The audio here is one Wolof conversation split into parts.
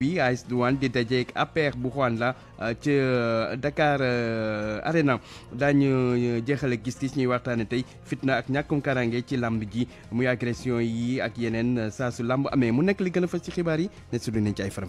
bi AS di dajeek APR e bu Juan la euh, ca euh, Dakar euh, Arena daañu jeexale gis-gis ñuy waxtaane tey fitna ak ñàkkum karange ci làmb ji muy agression yi ak yeneen saa su làmb amee mu nekk li gën a ci xibaar yi ne su nañ ci ay faram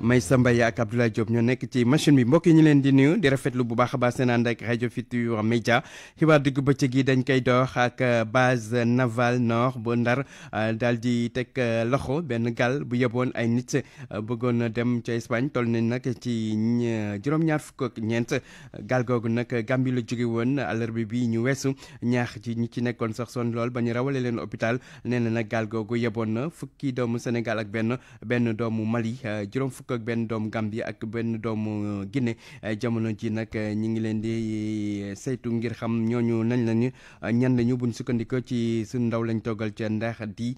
Maysa Mbaye ak Abdoulaye Diop ñoo nekk ci machine bi mbokk yi ñu leen di nuyu di rafetlu bu baax a baax seen ànd ak rajo Futurs Médias xibaar digg bëccëg yi dañ koy dox ak euh, base navale nord bu Ndar euh, daal di teg euh, loxo benn gaal bu yeboon ay nit bëggoon dem ca Espagne toll nañ nag ci juróom-ñaar fukk ak ñeent gaal googu nag Gambie la jóge woon àllarba bi ñu weesu ñaax ci ñi ci nekkoon sax son lool ba ñu rawale leen hôpital nee na nag gaal googu yeboon na fukki doomu Sénégal ak benn benn doomu Mali juróom fukk fukk benn doomu Gambie ak benn doomu Guinée eh, jamono ji nag eh, ñi ngi leen di eh, saytu ngir xam ñooñu nañ lañu ñan lañu buñ sukkandikoo ci suñu ndaw lañ toggal ca ndax di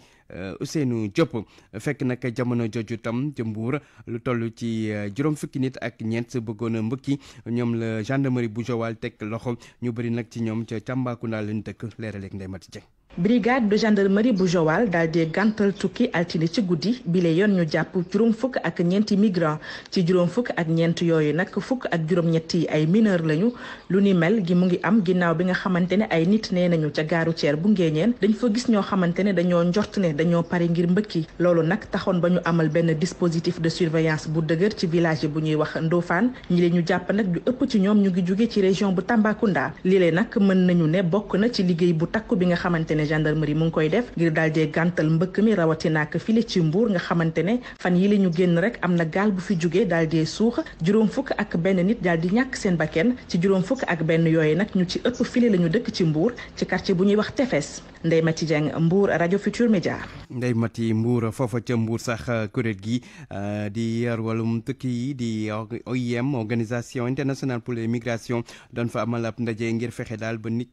Ousseynou Diop fekk nag jamono jooju tam ca Mbuur lu toll ci juróom fukki nit ak ñeent bëggoon a mbëkki ñoom la gendarmerie bu Joal tekk loxo ñu bëri nag ci ñoom ca Tambacounda lañ dëkk leeraleeg Ndeye Mati Dieng brigade de gendarmerie bu Joal daal di gàntal tukki altine ci guddi bile yoon ñu jàpp juróom fukk ak ñeenti migrant ci juróom fukk ak ñeent yooyu nag fukk ak juróom ñett yi ay mineur lañu lu ni mel gi mu ngi am ginnaaw bi nga xamante ne ay nit nee nañu ca gaaru ceer bu ngéeñeen dañ fa gis ñoo xamante ne dañoo njort ne dañoo pare ngir mbëkki loolu nag taxoon ba ñu amal benn dispositif de surveillance bu dëgër ci village bu ñuy wax Ndofane ñi leen ñu jàpp nag ëpp ci ñoom ñu ngi jóge ci région bu Tambacounda lii nag mën nañu ne bokk na ci liggéey bu takku bi nga xamante ne ne gendarmerie mu ngi koy def ngir daal dee gàntal mbëkk mi rawatina ak file ci mbuur nga xamante ne fan yi la ñu génn rek am na gaal bu fi jógee daal dee suux juróom fukk ak benn nit daal di ñàkk seen bakken ci juróom fukk ak benn yooyu nag ñu ci ëpp file la dëkk ci mbuur ci quartier bu ñuy wax Tefes Ndeye Mati Dieng Mbour rajo Futur Media. Ndeye Mati Mbour foofa ca Mbour sax euh, kuréel gi euh, di yar wàllum tukki yi di OIM organisation internationale pour les migrations doon fa amal ab ndaje ngir fexe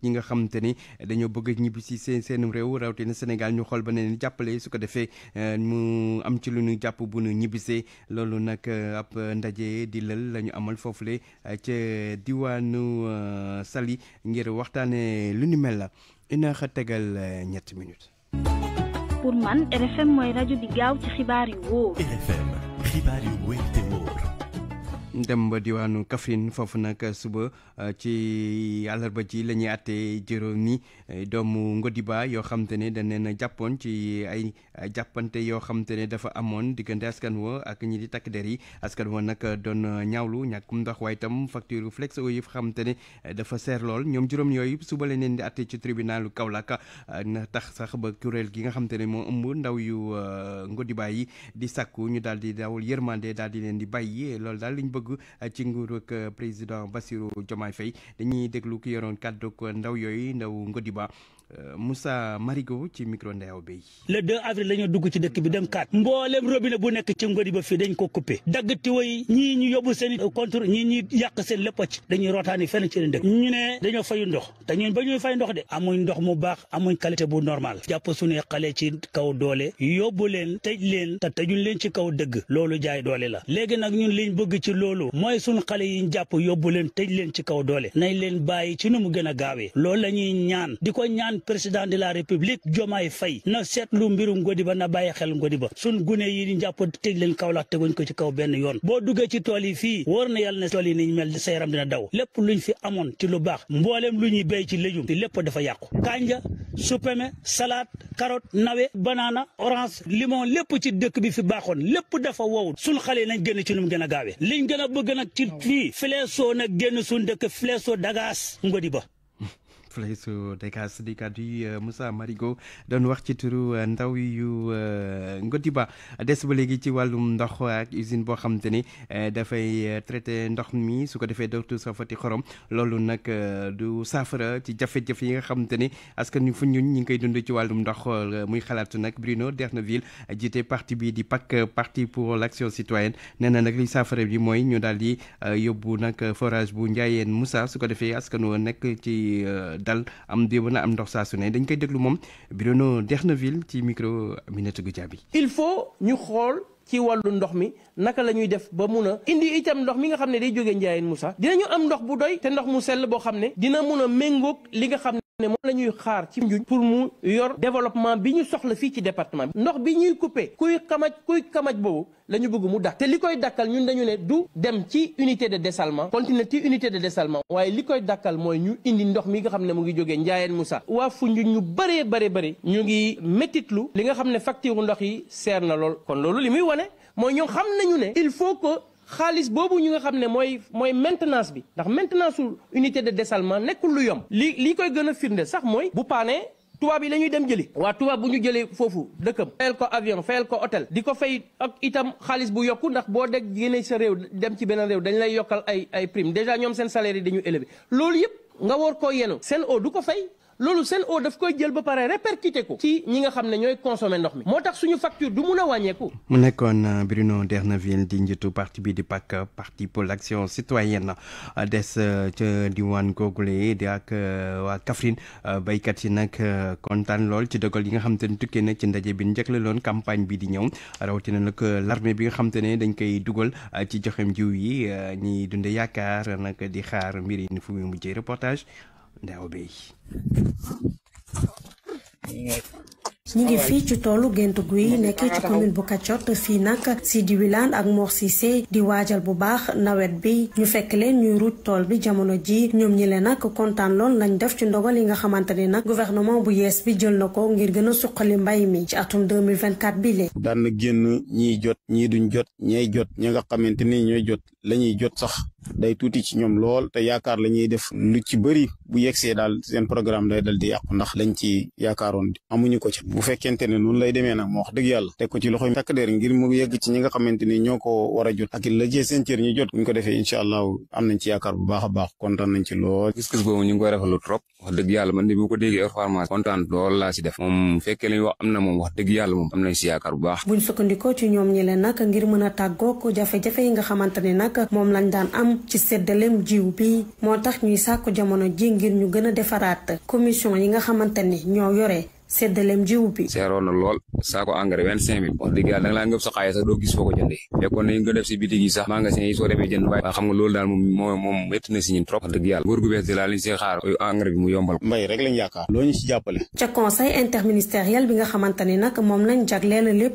ñi nga xamante jëlee seenum réew rawatina Sénégal ñu xool ba ne jàppale su ko defee euh, mu am ci lu ñu jàpp bu nu ñibbisee loolu nag euh, ab ndaje di lël la ñu amal foofule euh, ca diwaanu sali ngir waxtaanee lu ni mel la ina xa tegal ñetti minutes. dem ba diwaanu Kaffrine foofu nag suba ci àllarba ji la ñuy àttee juróomi e, doomu Ngodiba yoo xam dañ leen a ci ay jàppante yoo xam dafa amoon diggante askan wa ak ñi di takk der yi askan wa nag doon ñaawlu ñàkkum ndox waaye itam facture flex o yi xam e, dafa ser lol ñoom juróom yooyu suba la leen di àttee ci tribunalu Kaolack na tax sax ba kuréel gi nga ëmb ndaw yu e, Ngodiba yi di sàkku ñu daal di dawul yërmande daal dalin leen di bàyyi lol daal liñ bëgg Eh, ci nguurug eh, président Bassirou Diomaye fay dañuy déglu ki yoroon kàddug ndaw yooyu ndaw Ngodiba Euh, Moussa Marigo ci micro ndeew bi. le 2 avril la dugg ci dëkk bi dem kaat mboolem robinet bu nekk ci ngodi ba fii dañ ko coupé dagg tiwo yi ñii ñu yóbbu seen i contre ñii ñuy yàq seen lépp ci dañuy rotaani fenn ci leen dëkk ñu ne dañoo fayu ndox te ñun ba ñuy fay ndox de amuñ ndox mu baax amuñ qualité bu normal jàpp suñuy xale ci kaw doole yóbbu leen tëj leen te tëjuñ leen ci kaw dëgg loolu jaay doole la léegi nag ñun leen bëgg ci loolu mooy suñu xale yi ñu jàpp yóbbu leen tëj leen ci kaw doole nañ leen bàyyi ci nu gën a gaawee kon président de la république Diomaye fay na seetlu mbiru ba na bàyyi xel Ngodiba sun gune yi di jàpp teg leen kaw la teguñ ko ci kaw benn yoon boo duggee ci tool yi fii wóor na yàlla ne tool yi ñu mel sa yaram dina daw lépp luñ fi amoon ci lu baax mbooleem lu ñuy béy ci léjum te lépp dafa yàqu kanja supame salaat carotte nawe banana orange limon lépp ci dëkk bi fi baaxoon lépp dafa wowul sun xale nañ génn ci nu mu gën a gaawee liñ gën a bëgg nag ci fii fileesoo nag génn suñ dëkk fileesoo dagaas Ngodiba fële su DKS di kaddu yi euh, Moussa Marigo doon wax ci turu euh, ndaw yu euh, Ngotiba des ba léegi ci wàllum ndox ak usine boo xam te ni dafay traité ndox mi su ko defee dootu safati xorom loolu nag du saafara ci jafe-jafe yi nga xam te ni askan wi fu ñun ñi ngi koy dund ci wàllum ndox muy xalaatu nag Bruno Derneville jiite parti bii di PAC parti pour l'action citoyenne nee na nag li saafara bi mooy ñu daal di yóbbu nag forage bu Ndiayeen Moussa su ko defee askan wa nekk ci. dal am déwén am ndox saa su ne dañ koy déglu moom Bruno Derneville ci micro Aminata Goudiaby il faut ñu xool ci wàllu ndox mi naka la ñuy def ba mun a indi itam ndox mi nga xam ne day jógee Ndiayène Moussa dinañu am ndox bu doy te ndox mu sell boo xam ne dina mun a méngóog li nga xam ne lañuy pour mu développement bi soxla département ndox kuy kamaj kuy kamaj mu ñun dañu de dessalement continuer ci de dessalement waye likoy dakal moy ñu indi ndox mi nga mu ngi Moussa wa fuñu ñu bare ñu ngi métitlu li nga facture ndox yi kon il faut que xaalis boobu ñu nga xam ne mooy mooy maintenance bi ndax maintenance su unité de dessalement nekkul lu yomb li li koy gën a sax mooy bu paanee tubaab yi la ñuy dem jëli waa tubaab bu ñu jëlee foofu dëkkam fayal ko avion fayal ko hôtel di ko fay ak itam xaalis bu yokku ndax boo deg génne sa réew dem ci beneen réew dañ lay yokkal ay ay prime déjà ñoom seen salaire yi dañu élevé loolu yëpp nga war ko yenu seen o du ko fay loolu Sen'Eau daf koy jël ba pare répercuté ko ci ñi nga xam ne ñooy consommé ndox mi moo tax suñu facture du mun a wàññeeku. mu nekkoon euh, Bruno D'erneville di njiitu parti bi di PAC parti pour l'action citoyenne euh, des euh, ca diwaan googule di ak waa Kaffrine béykat yi nag kontaan lool ci dogal yi nga xam te ne tukkee na ci ndaje bi njëkkaleloon campagne bi di ñëw rawatina nag l'armée bi nga xam te ne dañ koy dugal ci joxem jiw yi ñiy dunde yaakaar nag di xaar mbir yi fu muy mujjee reportage. da obey ñu ngi fii ci toolu gént guy nekk ci commune bu Kacotte fii nag Sidi Wilane ak Mor Cissé di waajal bu baax nawet bi ñu fekk leen ñuy ruuj tool bi jamono ji ñoom ñi leen nag kontaan lool lañ def ci ndogal yi nga xamante ni nag gouvernement bu yees bi jël na ko ngir gën a suqali mbay mi ci atum 2024 bi lee daan na génn ñiy jot ñii duñ jot ñay jot ñi nga xamante ni ñooy jot lañuy jot sax day tuuti ci ñoom lool te yaakaar la ñuy def lu ci bu yegsee daal seen programme day dal di yàqu ndax lañ ci amuñu ko bu fekkente ne noonu lay demee nag moo wax dëgg yàlla teg ko ci la jee buñ ko ci a ñoom ñi leen ngir mën a tàggoo jafe-jafe nga xamante ne nag lañ daan am ci seddaleem jiw bi moo tax ñuy sàkku jamono ji ngir ñu gën a defaraat commission yi nga xamante ni ñoo yore seddaleem jiw bi seeroon na lool saako engrais vingt cinq mille da nga laa sa xaalis sax doo gis foo ko jëndee fekkoon nañu def si bitig yi sax magasin yi soo demee jënd waaye xam nga loolu na ñun trop gu di liñ xaar engrais bi mu yombal mbay rek lañ yaakaar loo ñu si jàppale ca conseil interministériel bi nga xamante ni luy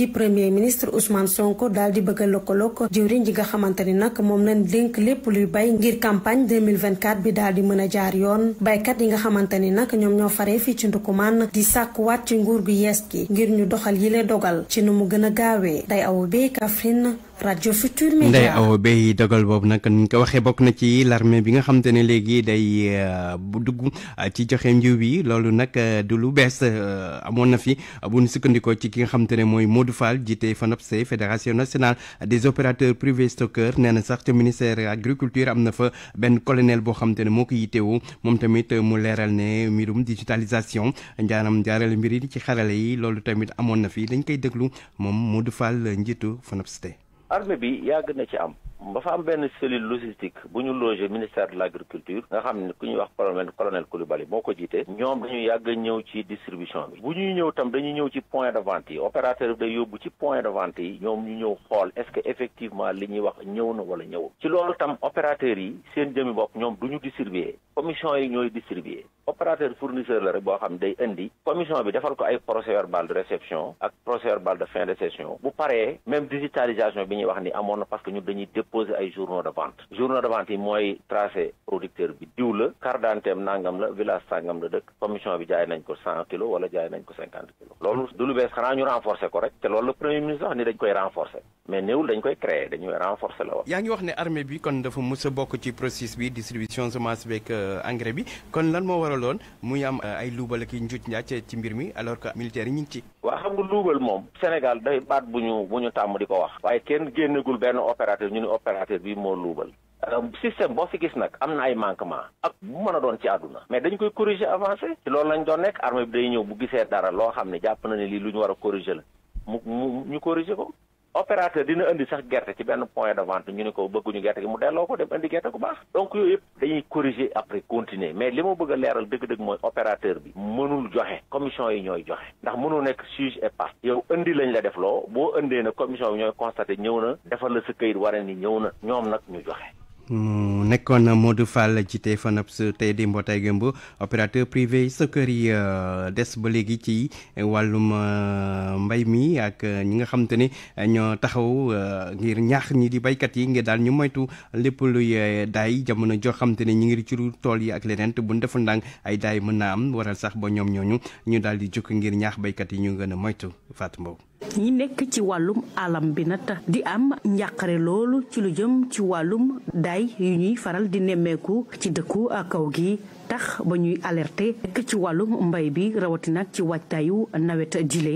di premier ministre Ousmane Sonko daal di bëgg loko. lëkkaloog jëwriñ ji nga xamante ni nag lañ luy ngir campagne 2024 bi daal di mën jaar yoon baykat yi nga ñoo ci ndukuma man di sàkkuwaat ci nguur gu yees gi ngir ñu doxal yi lay dogal ci nu mu gën a gaawee day aw bee Kaffrine Radio Futur Media Ndeye Awa Beye dogal bob nak ni ñu ko waxee na ci l'armée bi nga xamantene legui day euh, dugg euh, ci joxe njiw bi lolou nak euh, du lu bess amoon na fi bu ñu sukkandikoo ci ki nga xamantene moy Modou Fall jiite FANAPSE fédération nationale des opérateurs privés stockeurs nee sax ci ministère agriculture am na fa ben colonel bo xamantene moko yité wu mom tamit mu léral né mirum digitalisation njaaram jaarale mbiri ci xaralé yi lolou tamit amoon na fi dañ koy déglu mom Modou Fall njiitu FANAPSE. armée bi yàgg na ci am dafa am benn cellule logistique bu ñu logé ministère de l' agriculture nga xam ne ku ñuy wax colonel colonel Coulibaly moo ko jiite ñoom dañu yàgg ñëw ci distribution bi bu ñuy ñëw tam dañu ñëw ci point de vente yi opérateur bi day yóbbu ci point de vente yi ñoom ñu ñëw xool est-ce que effectivement li ñuy wax ñëw na wala ñëwul ci loolu tam opérateur yi seen jëmi bopp ñoom du ñu distribuer commission yi ñooy distribuer opérateur fournisseur la rek boo xam day indi commission bi defal ko ay procès verbal de réception ak procès verbal de fin de session bu paree même digitalisation bi ñuy wax ni amoon na parce que ñun dañuy déposer ay journaux de vente journaux de vente yi mooy tracé producteur bi diw la carte nangam la village sangam la dëkk commission bi jaay nañ ko 100 kilos wala jaay nañ ko 50 kilos loolu du lu bees xanaa ñu renforcer ko rek te loolu le premier ministre wax ni dañ koy renforcer mais néwul dañ koy créer dañuy renforcer la wax. yaa ngi wax ne armée bi kon dafa mës a bokk ci processus bi distribution semence beeg euh, engrais bi kon lan moo waral lool muy am eh, ay luubal ki njuuj njaaj ci mbir mi alors que militaires yi ñu ngi waa xam nga luubal moom Sénégal day baat bu ñu bu ñu tàmm di ko wax waaye kenn génnagul benn opérateur ñu ni opérateur bi moo luubal euh, système boo fi gis nag am na ay manquement ak bu mën a doon ci àdduna mais dañ koy corriger avancé ci loolu lañ doon nekk armée bi day ñëw bu gisee dara loo xam ne jàpp na ne lii lu ñu war a corriger la mu mu ñu corriger ko opérateur dina indi sax gerte ci benn point de vente ñu ne ko bëgguñu gerte gi mu delloo ko dem indi gerte gu baax donc yooyu yëpp dañuy corriger après continuer mais li ma bëgg leeral dëgg-dëgg mooy opérateur bi mënul joxe commission yi ñooy joxe ndax mënul nekk juge et partie yow indi lañ la def loo boo indee na commission bi ñooy constaté ñëw na defal la sa këyit waree ni ñëw na ñoom nag ñu joxe nekkoon mu nekkoon Modou Fall ci téléphone su tey di mbootaay gëmb opérateur privé soccer yi euh, des ba léegi ci wàllum euh, mbay mi ak euh, ñi nga xam te ne ñoo taxaw ngir ñaax ñi di baykat yi ngir daal ñu moytu lépp luy daay jamono joo xam te ne ñu ngi ci tool yi ak leneen te bu ñu deful ndànk ay daay mën naa am waral sax ba ñoom ñooñu ñu daal di jukk ngir ñaax baykat yi ñu gën a moytu Fatou Mbow ñi nekk ci wàllum alam bi nag di am njàqare loolu ci lu jëm ci wàllum day yu ñuy faral di nemmeeku ci dëkku kaw gi tax ba ñuy alerte nekk ci wàllum mbay bi rawatina ci waajtaayu nawet jile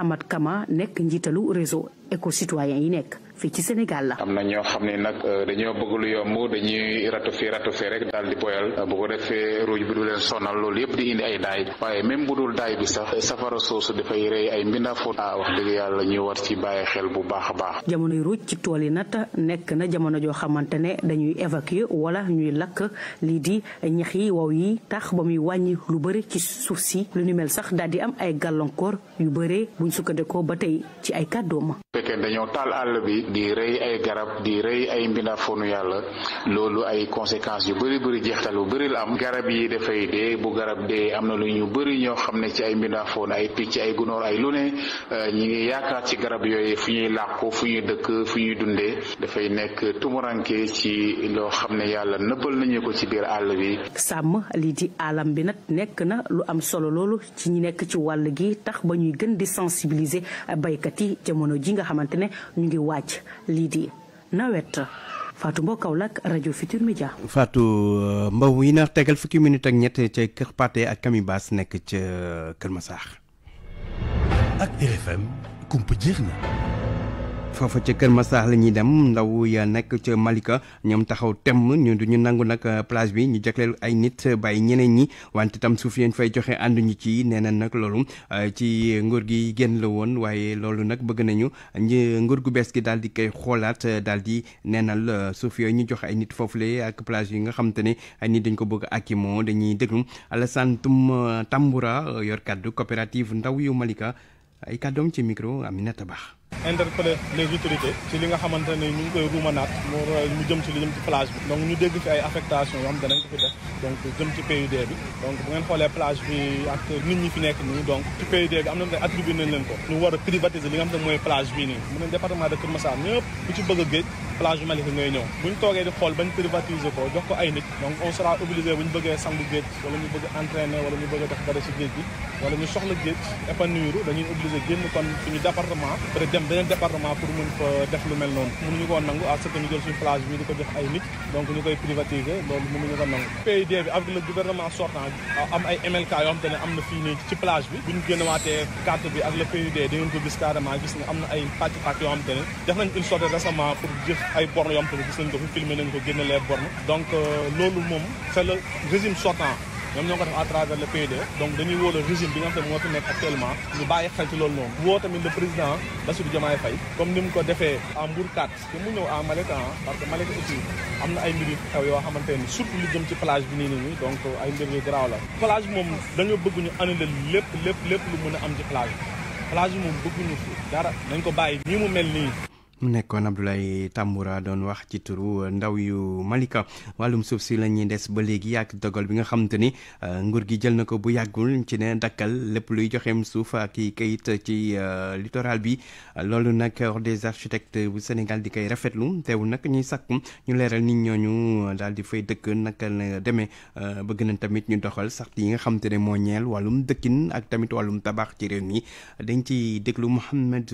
amat Kama nekk njiitalu réseau éco citoyen yi nekk. Kita ci Sénégal la. am na ñoo xam ne nag euh, bëgg lu yomb dañuy ratu fii rek daal di boyal euh, bu ko defee ruuj bi du leen sonal loolu yëpp di indi ay daay waaye même bu dul daay bi sax safara soosu dafay rey ay mbindaafoot ah wax dëgg yàlla ñu war ci bàyyi xel bu baax baax. jamono ci tool yi na jamono dañuy évacuer wala ñuy di yi yi tax ba muy lu ci suuf si lu mel sax di am ay gàllankoor yu bëree buñ sukkandikoo ba tey ci ay kàddoom. fekkee dañoo àll bi di rey ay garab di rey ay mbindafoonu yàlla loolu ay conséquences yu bëri bëri jeextal bu bëri am garab yi dafay dee bu garab dee am na lu ñu bëri ñoo xam ne ci ay mbindaafoon ay picc ay gunóor ay lu ne euh, ñi ngi yaakaar ci garab yooyu fu ñuy làqu fu ñuy dëkk fu ñuy dundee dafay nekk tumuranke ci loo xam ne yàlla nañu ko ci biir àll bi. sàmm lii di alam bi nag nekk na lu am solo loolu ci ñi nekk ci wàll gi tax ba ñuy gën di sensibiliser baykat yi jamono ji nga xamante ñu ngi wàcc lii di nawet Fatou Mbow Kaolack rajo Futur Media. faatu euh, Mbow yi na tegal fukki minute ak ñett ca Kër Pathé ak Camille Bass nekk ca Kër Massar. ak RFM kumpa jeex na. foofa ca Kër Massar la ñuy dem ndaw ya nekk ca Malika ñoom taxaw temm ñu du ñu nangu nag euh, plage bi ñu jagleel ay nit bàyyi ñeneen ñi wante tam suuf yañ fay joxe ànduñu ci nee na nag loolu euh, ci nguur gi génn la woon waaye loolu nag bëgg nañu nguur gu bees gi daal di koy xoolaat daal di neenal euh, suuf yooyu ñu joxe ay nit foofu foofule ak plage yi nga xam te ne ay nit dañ ko bëgg ak akimoo dañuy déglu Alassane Tum Tamboura yor kàddu coopérative ndaw yu Malika ay kàddoom ci micro Aminata Ba interpeller les autorités ci li nga xamante ñu ngi koy ruumanaat mu mu jëm ci plage bi donc ñu dégg fi ay affectation yoo xam danañ ko fi def donc jëm ci PUD bi donc bu ngeen xoolee plage bi ak nit ñi fi nekk nii donc ci PUD bi am na ay attribué nañ leen ko ñu war a privatiser li nga xam ne mooy plage bii nii mu ne département de Kër Massar ñëpp ku ci bëgg a plage bi Malika ngay ñëw buñ toogee di xool bañ privatiser ko jox ko a dem beneen département pour mun fa def lu mel noonu mënuñu ko nangu à ce que ñu jël suñu plage bi di ko jox ay nit donc ñu koy privatiser loolu mënuñu ko am ay MLK yoo bi bu ñu génnawaatee carte bi ak ko gis carrément gis ne am na ay pàcc pàcc yoo te ne def nañ une sorte récemment pour jëf ay bornes yoo xam gis nañ ko fi filmé nañ ko génne les bornes donc euh, loolu moom c'est le régime sortant ñoom ñoo ko def à travers le PD donc dañuy woo le régime bi nga xam ne moo fi nekk actuellement ñu bàyyi xel ci loolu noonu woo tamit le président Bassirou Diomaye Faye comme ni mu ko defee en Mbour 4 te mu ñëw à Malika ah, parce que Malika aussi am na ay mbir yu xew yoo xamante ni surtout lu jëm ci plage bi nii nii donc ay mbir yu garaaw la plage moom dañoo bëgg ñu annulé lépp lépp lépp lu mën a am ci plage plage moom bëgguñu dara nañ ko bàyyi nii mu mel nii mu nekkoon Abdoulaye Tamboura doon wax ci turu ndaw yu Malika wàllum suuf si la ñuy des ba léegi ak dogal bi nga xamante ni euh, nguur gi jël na ko bu yàggul ci ne dakkal lépp luy joxeem suuf ak i kayit ci euh, littoral bi loolu nag ordre des architectes bu Sénégal di koy rafetlu teewul nag ñuy sàkku ñu leeral nit ñooñu daal di fay dëkk naka la demee euh, bëgg nañ tamit ñu doxal sax yi nga xamante ne moo ñeel wàllum dëkkin ak tamit wàllum tabax ci réew mi dañ ci déglu Mouhamed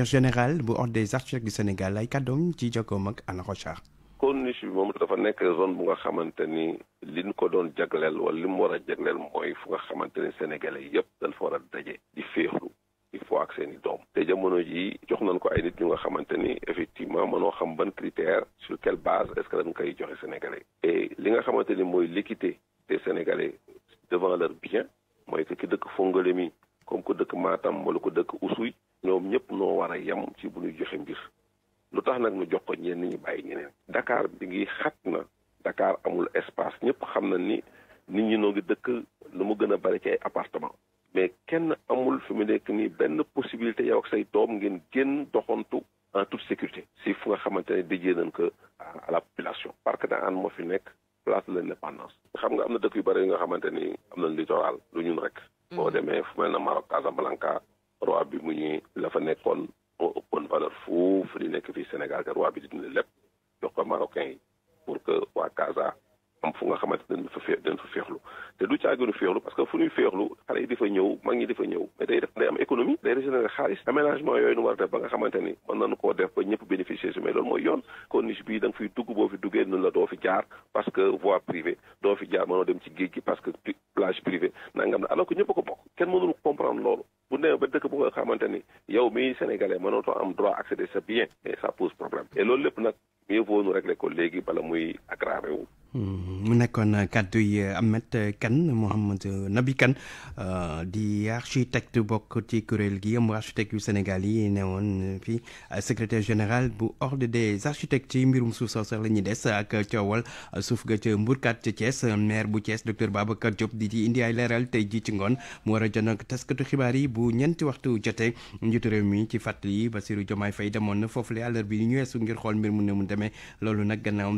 secrétaire général bu ordre des architectes du Sénégal ay kàddoom ci jokkoom ak Anna Rochard. corniche bi moom dafa nek zone bu nga xamante ni li ñu ko doon jagleel wala li mu war a jagleel mooy fu nga xamante sénégalais yëpp dañ fa war a di féexlu di foo ak seen i doom te ji jox nañ ko ay nit ñu nga xamante ni effectivement mënoo xam ban critère sur quelle base est-ce que dañ koy joxe sénégalais et li nga xamante ni mooy l'équité des sénégalais devant leur bien mooy ke ki dëkk Fongolemi comme ko dëkk Matam wala ko dëkk Oussouye ñoom ñëpp noo war a yem ci bu ñuy joxe mbir lu tax nag nu jox ko ñenn ñi bàyyi ñeneen. Dakar bi ngi xat na. dakaar amul espace ñëpp xam na ni nit ñi noo ngi dëkk nu mu gën a bari ci ay appartement mais kenn amul fu mu nekk nii benn possibilité yow ak say doom ngeen génn doxantu en toute sécurité. si fu nga xamante ne déjee nañ ko à la population. parc de Hann moo fi nekk place de l'indépendance. xam nga am na dëkk yu bari yu nga xamante ni am nañ littoral lu ñun rek. boo mm-hmm. demee fu mel na Maroc Casablanca. roi bi mu ñu la fa nekkoon kon ëppoon valeur foofu li nekk fii Sénégal te roi bi di dindi lépp jox ko marocain yi pour que waa Casa am fu nga xamante dañ fa fee dañ fa féexlu te du caaginu féexlu parce que fu ñuy féexlu xale yi dafa ñëw mag ñi dafa ñëw mais day def day am économie day régénérer xaalis aménagement yooyu nu war a def ba nga xamante ni mën nañu koo def ba ñëpp bénéficier si mais loolu mooy yoon corniche bii da nga fiy dugg boo fi duggee nun la doo fi jaar parce que voie privée doo fi jaar dem ci géej gi parce que plage na alors que ñëpp ko bokk kenn mënul bu demee ba dëkk bu nga xamante ni yow mi sénégalais mënootoo am droit accéder sa bien mais ça pose problème et loolu lépp nag mieux vaut nu régler ko léegi bala muy aggraver wu Hmm, mu nekkoon euh, kàddu yi euh, Ahmed Kane Mouhamed Nabi Kane euh, di architecte bokk ci kuréel gi am architecte yu Sénégal yi newoon fii secrétaire général bu ordre des architectes ci mbirum suuf soo sax la ñuy des ak coowal suuf ga ca mburkat ca Thiès maire bu Thiès docteur Babacar Diop di ci indi ay leeral tey ji ci ngoon mu war a jënd ak taskatu xibaar yi bu ñeenti waxtu jotee njiitu réew mi ci fàttali Bassirou Diomaye Faye demoon na foofu la àllarba bi ñu weesu ngir xool mbir mu ne mu demee loolu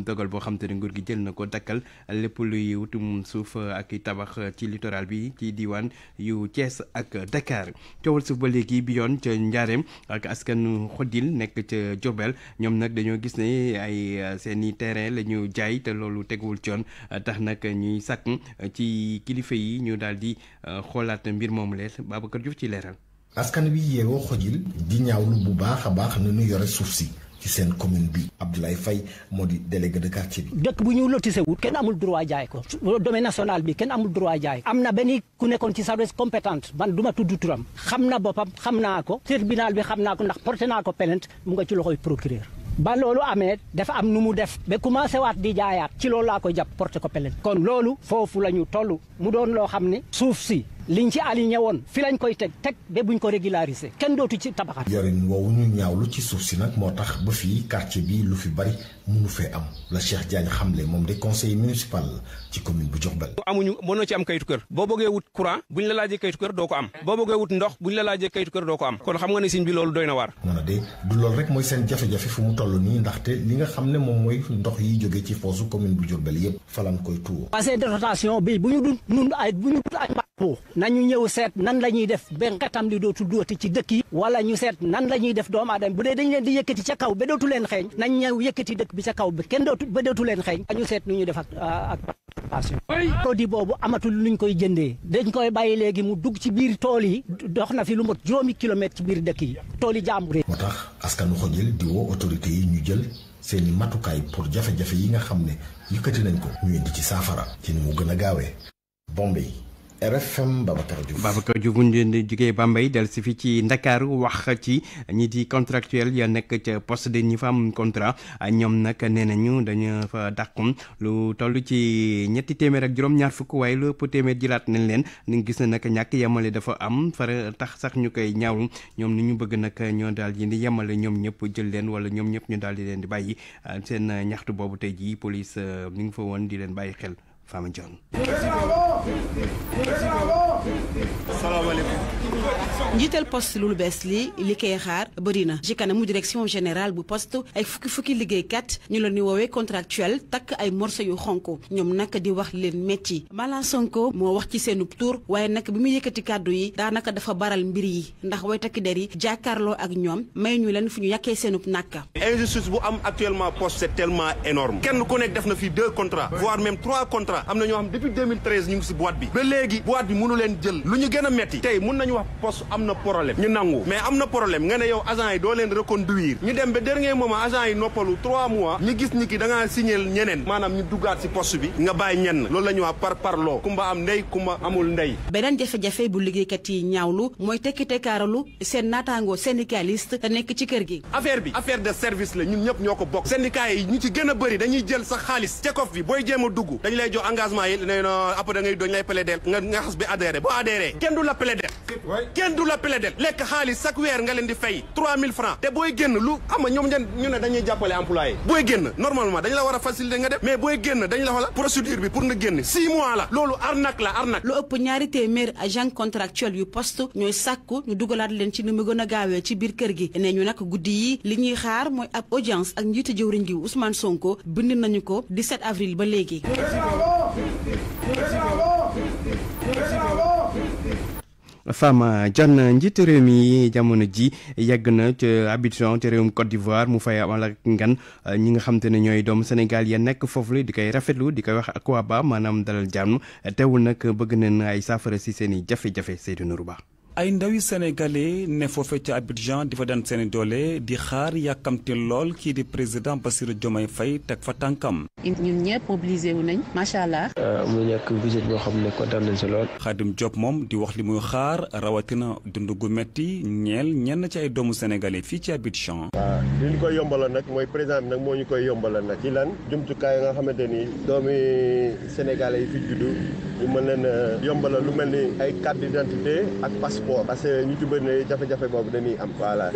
dogal boo xam te ne gi jël na ko ko dakkal lépp luy wutum suuf ak tabax ci littoral bi ci diwaan yu cees ak Dakar coowal suuf ba léegi bi yoon ca Njaareem ak askan xoddil nekk ca Diourbel ñoom nag dañoo gis ne ay uh, seeni terrain la ñu jaay te loolu ci yoon tax nag ñuy sàkk ci kilifa yi ñu daal di uh, xoolaat mbir moom leer Babacar Diouf ci leeral. askan wi yeewoo xojil di ñaawlu bu baax a baax ni ñu yore suuf si ci seen commune bi Abdoulaye fay moo di délégué de ci bi. dëkk bu ñu lotissé wut kenn amul droit jaay ko domaine national bi kenn amul droit jaay am na benn ku nekkoon ci service compétente man duma ma tudd turam xam na boppam xam naa ko tribunal bi xam naa ko ndax porté naa ko plainte mu nga ci loxoy procureur ba loolu amee dafa am nu mu def ba commencé waat di jaayaat ci loolu laa ko jàpp porté ko plainte kon loolu foofu la ñu toll mu doon loo xam ne suuf si liñ ci aligné woon fi lañ koy teg teg ba buñ ko régulariser kenn dootu ci tabaxat yorin woowu ñu ñaawlu ci suuf si nag moo tax ba fii quartier bi lu fi bari mënu fee am la Cheikh xam xamle moom de conseil municipal ci commune bu Diourbel amuñu mënoo ci am kayitu kër boo bëggee wut courant buñ la laajee kayitu kër doo ko am boo bëggee wut ndox buñ la laajee kayitu kër doo ko am kon xam nga ne siñ bi loolu doy na waar mën a de du loolu rek mooy seen jafe-jafe fu toll nii ndaxte li nga xam ne moom mooy ndox yi jógee ci foosu commune bu Diourbel yëpp falan koy tuur bassin de rotation bi bu nañu ñëw seet nan la ñuy def ba xetam li dootul doote ci dëkk yi wala ñu seet nan la ñuy def doomu aadama bu dee dañ leen di yëkkati ca kaw ba leen xeeñ nañ ñëw yëkkati dëkk bi ca kaw ba kenn dootu ba dootu ñu seet nu ñu def ak ak passion produit boobu amatul luñ koy jëndee dañ koy bàyyi léegi mu dugg ci biir tool yi dox na fi lu mot juróomi kilomètre ci biir dëkk yi tool yi jàmbur moo tax askanu Xoojël di woo autorité yi ñu jël seeni matukaay pour jafe-jafe yi nga xam ne yëkkati nañ ko ñu indi ci saafara ci ni gën a gaawee Bombay RFM Babacar Diouf Babacar Diouf bu ñu leen jógee Bambey del si fi ci Ndakaaru wax ci ñi di contractuel ya nekk ca poste de ñi fa am contrat ñoom nag nee ñu dañu fa dàqum lu toll ci ñetti téeméer ak juróom-ñaar fukk waaye lu ëpp téeméer jëlaat nañ leen ni gis na nag ñàkk yemale dafa am fara tax sax ñu koy ñaawlu ñoom ni ñu bëgg nag ñoo daal di yemale ñoom ñëpp jël leen wala ñoom ñëpp ñu daal di leen di bàyyi seen ñaxtu boobu tey jii police euh, ni ngi fa woon di leen bàyyi xel Fama John السلام عليكم njiital poste lu bees li li koy xaar bëri na ci kanamu direction générale bu poste ay fukki fukki liggéeykat ñu la ni woowee contractuel takk ay morso yu xonk ñoom nag di wax leen metti Malang Sonko moo wax ci seenu tur waaye nag bi mu yëkkati kàddu yi daanaka dafa baral mbir yi ndax way takk der yi jàkkaarloo ak ñoom may ñu leen fu ñu yàkkee seenub nàkk injustice bu am actuellement poste c'est tellement énorme kenn ku nekk def na fii deux contrats voire wax poste am na problème ñu nangu mais am na problème nga ne yow agent yi doo leen reconduire ñu dem ba dernier moment agent yi noppalu trois mois ñu gis ni ki da ngaa signal ñeneen maanaam ñu duggaat si poste bi nga bàyyi ñenn loolu la wax par parloo kumba am ndey kumba amul ndey beneen jafe-jafe bu liggéeykat yi ñaawlu mooy tekki tekkaaralu seen naataangoo syndicaliste te nekk ci kër gi affaire bi affaire de service la ñun ñëpp ñoo ko bokk syndicat yi ñu ci gën a bëri dañuy jël sa xaalis cekof bi booy jéem a dugg dañ lay jox engagement yi nee na après da ngay dañ lay plaidel nga nga xas bi adhéré boo adhéré kenn du la plaidel kenn du la plaider lekk xaalis chaque weer nga leen di fay 3000 francs te booy génn lu ama ñoom ñen ñu ne dañuy jàppale employé booy génn normalement dañ la war a faciliter nga def mais booy génn dañ la wala procédure bi pour nga génn 6 mois la loolu arnaque la arnaque lu ëpp ñaari téeméer agent contractuel yu poste ñooy sàkku ñu dugalaat leen ci nu mu gën a gaawee ci biir kër gi nee ñu nag guddi yi li ñuy xaar mooy ab audience ak njiitu jëwriñ gi Ousmane Sonko bind nañu ko 17 avril ba léegi Fama Diagne njiitu réew mi jamono ji yegg na ca Abidjan ca réewum Côte d'Ivoire mu fay amal ak ngan ñi nga xam te ne ñooy ya nekk foofu la di rafetlu di wax ak ba dalal jàmm teewul nag bëgg nañ ay saafara si seen jafe-jafe Seydou Nourou ay ndawi sénégalais ne foofe ca Abidjan di fa daan seeni doole di xaar yàkkamte lool kii di président Bassirou Diomaye Faye teg fa tànkam. ñun ñëpp mobilisé wu nañ macha allah. Euh, mu nekk visite boo xam ne kontaan nañ si lool. Khadim Diop moom di wax li muy xaar rawatina dund gu metti ñeel ñenn ci ay doomu sénégalais fii ci Abidjan. waaw li ñu koy yombalal nag mooy président bi nag moo ñu koy yombalal nag ci lan jumtukaay nga xamante ni doomi sénégalais yi fi juddu ñu lu mel ni ay carte bon parce que ñu ci bëri na jafe-jafe boobu dañuy am voilà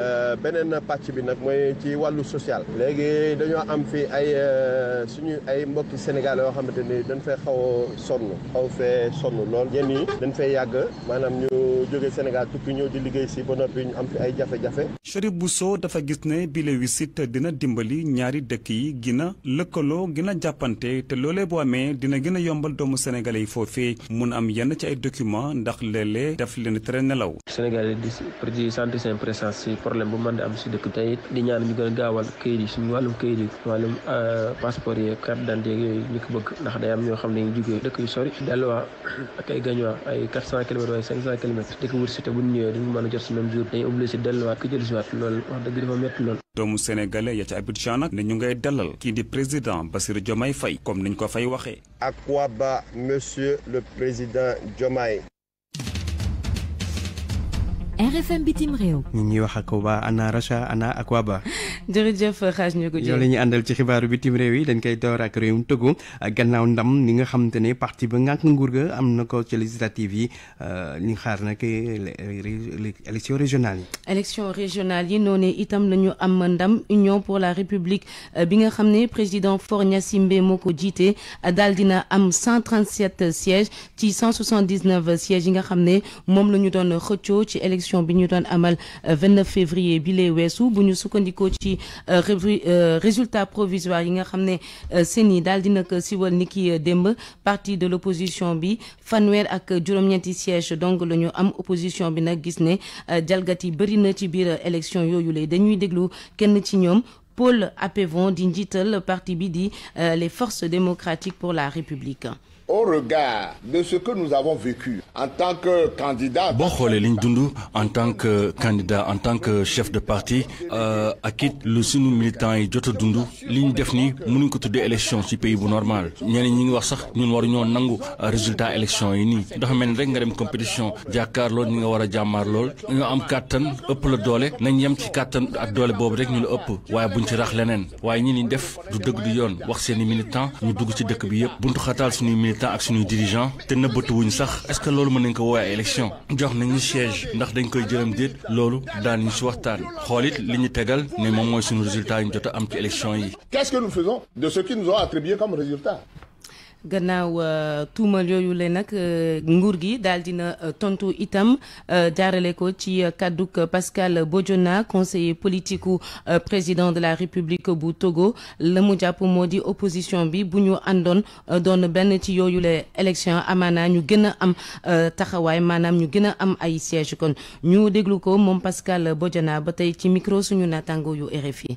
euh, beneen pàcc bi nag mooy ci wàllu social léegi dañoo am fi ay euh, suñu ay mbokki Sénégal yoo xamante ni dañ fay xaw a sonn xaw fee sonn lool yenn yi dañ fay yàgg maanaam ñu jóge Sénégal tukki ñëw di liggéey si ba noppi ñu am fi ay jafe-jafe bu Bousso dafa gis ne bile wisit dina dimbali ñaari dëkk yi gina lëkkaloo gina jàppante te loolee boo amee dina gën a yombal doomu sénégalais yi foofee mun am yenn ci ay document ndax dina tere nelaw. Sénégal di di sant seen présence si problème bu mën di am si dëkk tey di ñaan ñu gën a gaawal këyit yi suñu wàllum këyit yi wàllum euh, passeport yi carte d'identité yooyu ñu ko bëgg ndax day am ñoo xam ne ñu jógee dëkk yu sori delluwaa ak ay gañuwaa ay 400 kilomètres waaye 500 kilomètres di ko wut si te bu ñu ñëwee duñu mën a jot si même jour dañuy obligé delluwaat ko jël si waat loolu wax dëgg dafa métti lool. doomu sénégalais ya ca Abidjan nag ne ñu ngay dalal kii di président Bassirou Diomaye Faye comme niñ ko fay waxee. à quoi bat monsieur le président Diomaye RFM Bitim Réew. ñu ñuy wax ak Koba ana Racha ana Akwaba. jërëjëf xaaj ñoo ko yow la ñuy àndal ci xibaaru bi tim réew yi dañ koy door ak réewum Togo gannaaw ndam ni nga xamante ne parti ba ngànk nguur ga am na ko ci législative yi ñu euh, xaar nag élection régionale yi. élection régionale yi noonu itam la am ndam union pour la république euh, bi nga xam ne président Fort Gnassingbé moo ko jiite euh, daal dina am 137 sièges ci 179 sièges yi nga xam ne moom la ñu doon xëccoo ci élection bi ñu doon amal 29 février bi lay weesu bu ñu sukkandikoo ci. Euh, euh, résultat provisoire yi nga xamné ne euh, dal dina ko siwal niki parti de l'opposition bi fanwer ak juróom-ñetti siège donc am opposition bi nak gis ne jalgati bëri na ci biir élection yoyu lay dañuy déglu kenn ci Paul Apevon, di parti Bidi, di les forces démocratiques pour la République au regard de ce que nous avons vécu en tant que candidat. boo xoolee liñ en tant que candidat en tant que chef de parti euh, ak le lu sunu militants yi jot a dund li ñu def nii mënuñ ko tuddee élection ci pays bu normal ñeneen ñi ngi wax sax ñun waruñoo nangu euh, résultat élection yi nii dafa mel rek nga dem compétition jàkkaarloo ñi nga war a jàmmaar lool ñu am kàttan ëpp la doole nañ yem ci kàttan ak doole boobu rek ñu la ëpp waaye buñ ci rax leneen waaye ñi ni def du dëgg du yoon wax seeni militants ñu dugg ci dëkk bi yëpp buntu xataal suñuy est-ce que Qu'est-ce que nous faisons de ce qui nous ont attribué comme résultat gannaaw euh, tuumal yooyu le nag euh, nguur gi daal na euh, tontu itam jaarale ko ci kàdduk Pascal Bojona conseiller politique u président de la République bu Togo la mu jàpp moo di opposition bi bu ñu àndoon doon benn ci yooyu le élection amaana ñu gën a am taxawaay maanaam ñu gën a am ay siège kon ñu déglu ko moom Pascal Bojona ba tey ci micro suñu naataango yu RFI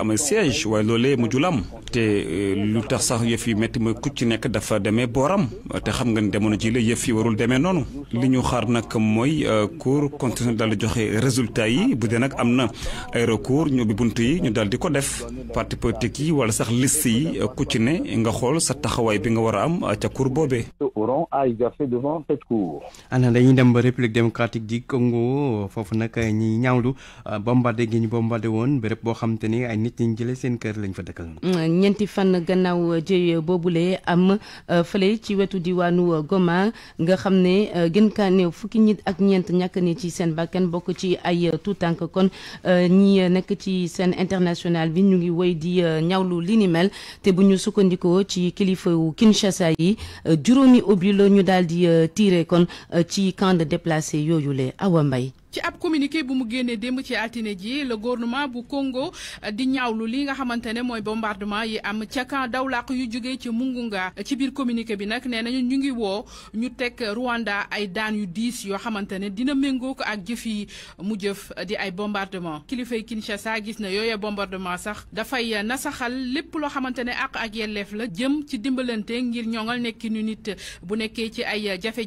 am siège waaye loolee mujjul te eh, lu tax sax yëf yi métti mooy ku ci dafa te xam nga ne demoon ji la yi warul demee nonu, li ñu xaar nag mooy eh, cour constitutionnelle daal di joxe résultat yi bu dee nag ay recours ñu bi yi ñu di ko def parti politique yi wala sax liste yi eh, ku ci ne nga xool sa taxawaay bi nga war a am ca cour boobee. auront à exercer devant cette cour. ana dañuy dem ba république démocratique du Congo foofu ñi bombardé gi ñu bombardé xam ay nit ñi seen kër lañ fa dëkkal. ñeenti fan gannaaw jëye boobule am euh, fële ci wetu diwaanu Goma nga xam ne euh, gën kaa néew fukki nit ak ñeent ñàkk ne ci seen bakkan bokk ci ay tuutànk kon euh, ñi nekk ci seen internationale bi ñu ngi woy di ñawlu li ni te bu ñu sukkandikoo ci kilifa wu Kinshasa yi juróomi obbi ñu daal di tiire kon ci camp de déplacés Awa Mbaye ci ab communiqué bu mu génnee démb ci altine ji la gouvernement bu Congo euh, di ñaawlu li nga xamante ne mooy bombardement yi am ca camp dawlaq yu jógee ci Mungunga ci biir communiqué bi nag nee nañu ñu ngi woo ñu teg Rwanda ay daan yu diis yoo xamante ne dina méngoo ko ak jëf yi mu jëf di ay bombardement kilifay Kinshasa gis na yooye bombardement sax dafay nasaxal lépp loo xamante ne àq ak yelleef la jëm ci dimbalante ngir ñoŋal nekkinu nit bu nekkee ci ay jafe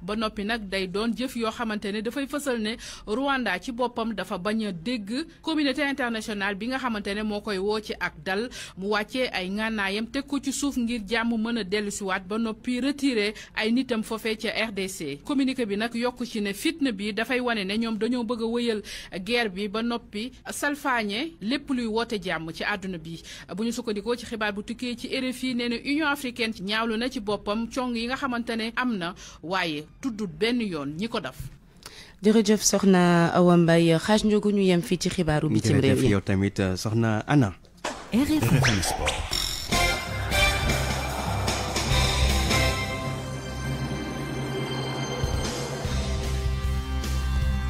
ba noppi nag day doon jëf yoo xamante ne dafay fësal Rwanda ci boppam dafa bañ a dégg communauté internationale bi nga xamante ne moo koy woo ci ak dal mu wàccee ay ngànnaayam teg ko ci suuf ngir jàmm mën a dellusiwaat ba noppi retiré ay nitam foofee ca RDC. communiqué bi nag yokku ci ne fitna bi dafay wane ne ñoom dañoo bëgg a wëyal guerre bi ba noppi salfaañe lépp luy woote jàmm ci àdduna bi bu ñu sukkandikoo ci xibaar bu tukkee ci fii nee na Union africaine ñaawlu na ci boppam cong yi nga xamante ne am na waaye tuddut benn yoon ñi ko def. jërëjëf soxna Awa Mbaye xaaj njogu ñu yem fii ci xibaaru bitim réew yi yow tamit soxna Anna. RFM Sport.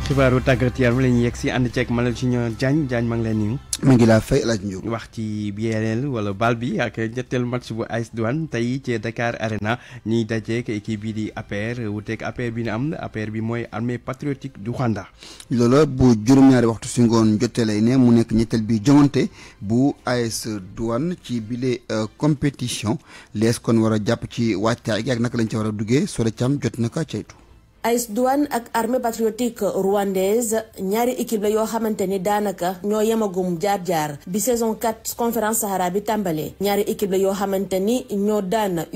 xibaaru tàggat yaram la ñuy yegg si ànd ceeg Malal Junior Diagne Diagne maa ngi lay nuyu. mi ngi laa fay El Hadj Ndiour. wax ci biyeeleel wala bal bi ak ñetteelu match bu AS Douane tey ci Dakar Arena ñuy dajeek équipe bi di APR wuuteeg APR bi ñu am APR bi mooy armée patriotique du Rwanda. loola bu juróom-ñaari waxtu si ngoon jotee lay ne mu nekk ñetteel bi jongante bu AS Douane ci bile euh, compétition lees kon war a jàpp ci waajtaay gi ak naka lañ ca war a duggee Sode Thiam jot na ko caytu. AS-Douanes ak armée patriotique rwandaise ñaari équipe la yoo xamante ni daanaka ñoo yemagum jaar-jaar bi saison 4 conférence Sahara bi tàmbalee ñaari équipe la yoo xamante ni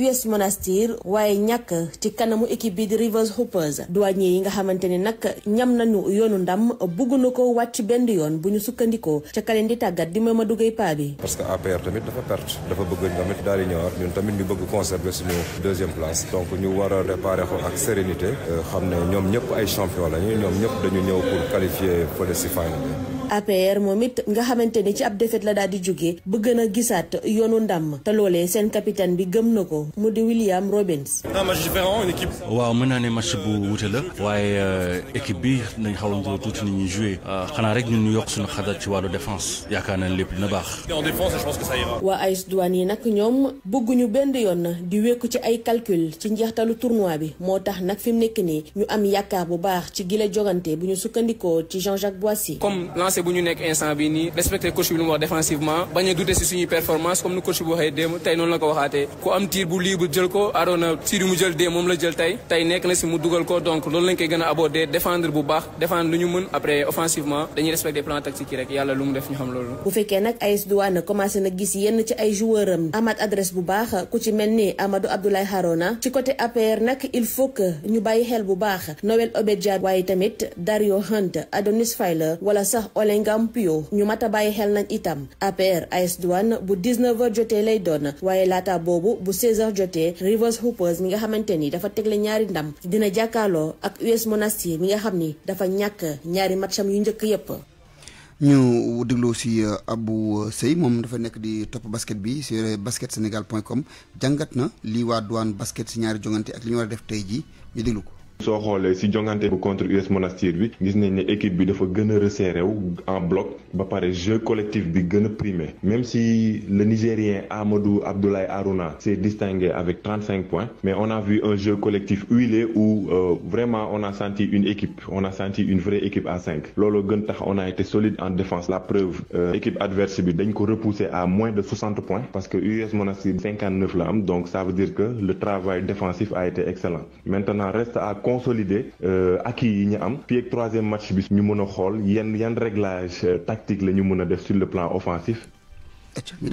US Monastir waaye ñàkk ci kanamu équipe bi Rivers Hoopers douanier yi nga xamante ni nag ñam nañu yoonu ndam bugg na ko wàcc benn yoon bu ñu sukkandikoo ca kaleen di tàggat di Mamadou Gueye Paa bi parce que APR tamit dafa perte dafa bëgg tamit daal di ñun tamit ñu bëgg conserver suñu deuxième place donc ñu war réparer ko ak sérénité euh, xam ne ñoom ñëpp ay champion lañu ñoom ñëpp dañu ñëw pour qualifier fële si APR momit nga xamante ci ab défaite la daal di jóge bëgg na gisaat yoonu ndam té lolé sen capitaine bi gëm na ko mu di William Robins. waaw mëna né match bu wuté la waaye euh, équipe bi nañ xaw a tuuti ni ñuy joué euh, xanaa rek ñun ñu yok suñu xalaat ci walu défense yaakaar nañ lépp dina baax. waa AS Douanes yi nag ñoom bëgguñu bënd yoon di wéku ci ay calcul ci njeextalu tournoi bi moo tax nag fi mu nekk nii ñu am yaakaar bu baax ci gile jogante bu ñu sukkandiko ci Jean-Jacques Boissy Comme placé bu ñu nekk instant bi ni respecter coach bi lu wax défensivement bañ a douter si performance comme nous coach bi waxee démb tey noonu la ko waxaatee ku am tir bu libre jël ko Arona tir mu jël dee moom la jël tey tey nekk na si mu dugal ko donc loolu lañ koy gën a aborder défendre bu baax défendre lu ñu mën après offensivement dañuy respecter plan tactique yi rek yàlla lu mu def ñu xam loolu. bu fekkee nag AS Douane commencé na gis yenn ci ay joueurs am amaat adresse bu baax ku ci mel ni Amadou Abdoulaye Harona ci côté APR nag il faut que ñu bàyyi xel bu baax Noël Obedja waaye tamit Dario Hunt Adonis Fayler wala sax Malengam Pio ñu mat a bàyyi xel nañ itam APR AS Douane bu 19h jotee lay doon waaye laata boobu bu 16 jotee Rivers Hoopers mi nga xamante ni dafa tegle ñaari ndam dina jàkkaarloo ak US Monastir mi nga xam ni dafa ñàkk ñaari matcham yu njëkk yépp ñu déglu si uh, Abou Sey moom dafa nekk di topp basket bi sur basket sénégal point com jàngat na lii waa douane basket si ñaari jongante ak li ñu war a def tey jii ñu déglu ko. soo xoolee si jongante contre US Monastir bi gis nañ ne équipe bi dafa en bloc ba le jeu collectif bi gën primé même si le Nigérien Amadou Abdoulaye Aruna s'est distingué avec 35 points mais on a vu un jeu collectif huilé où euh, vraiment on a senti une équipe on a senti une vraie équipe à 5 Lolo gën on a été solide en défense la preuve l'équipe euh, équipe adverse bi dañ à moins de 60 points parce que US Monastir 59 la donc ça veut dire que le travail défensif a été excellent maintenant reste à consolider euh, acquis puis ñu am troisième match bi ñu Y a un réglage euh, tactique sur le plan offensif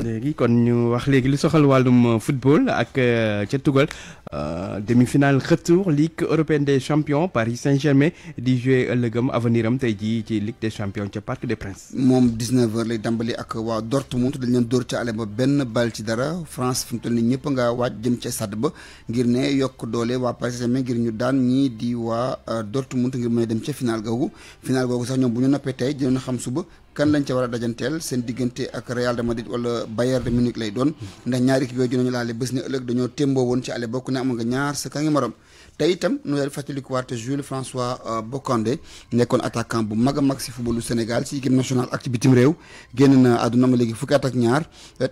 léegi kon ñu wax léegi li soxal walum euh, football ak euh, ci tugal euh, demi-finale retour ligue européenne des champions Paris Saint-Germain di jouer ëllëgam aveniram tay ji ci ligue des champions ci Parc des Princes. mom 19h lay dambali ak wa Dortmund dañ leen dóor ci ale ba benn bal ci dara France fu mu ñepp nga waaj jëm ci stade ba ngir ne yok doole wa Paris Saint-Germain ngir ñu daan ñi di wa Dortmund ngir mën a dem ci finale gogu finale, gogu sax ñom bu ñu noppé tay dina xam suba. kan lañ ca war a dajanteel seen diggante ak Real de Madrid wala Bayern de Munich lay doon ndax ñaari équipe yooyu dinañu laale bés ni ëllëg dañoo témboo woon ci ale bokk ne amoon nga ñaar sa a ngi morom te itam nu leen fàttalikuwaat Jules François euh, Bocandé nekkoon attaquant bu mag a mag si footballu Sénégal si équipe nationale ak ci bitim réew génn na àdduna ma léegi fukki at ñaar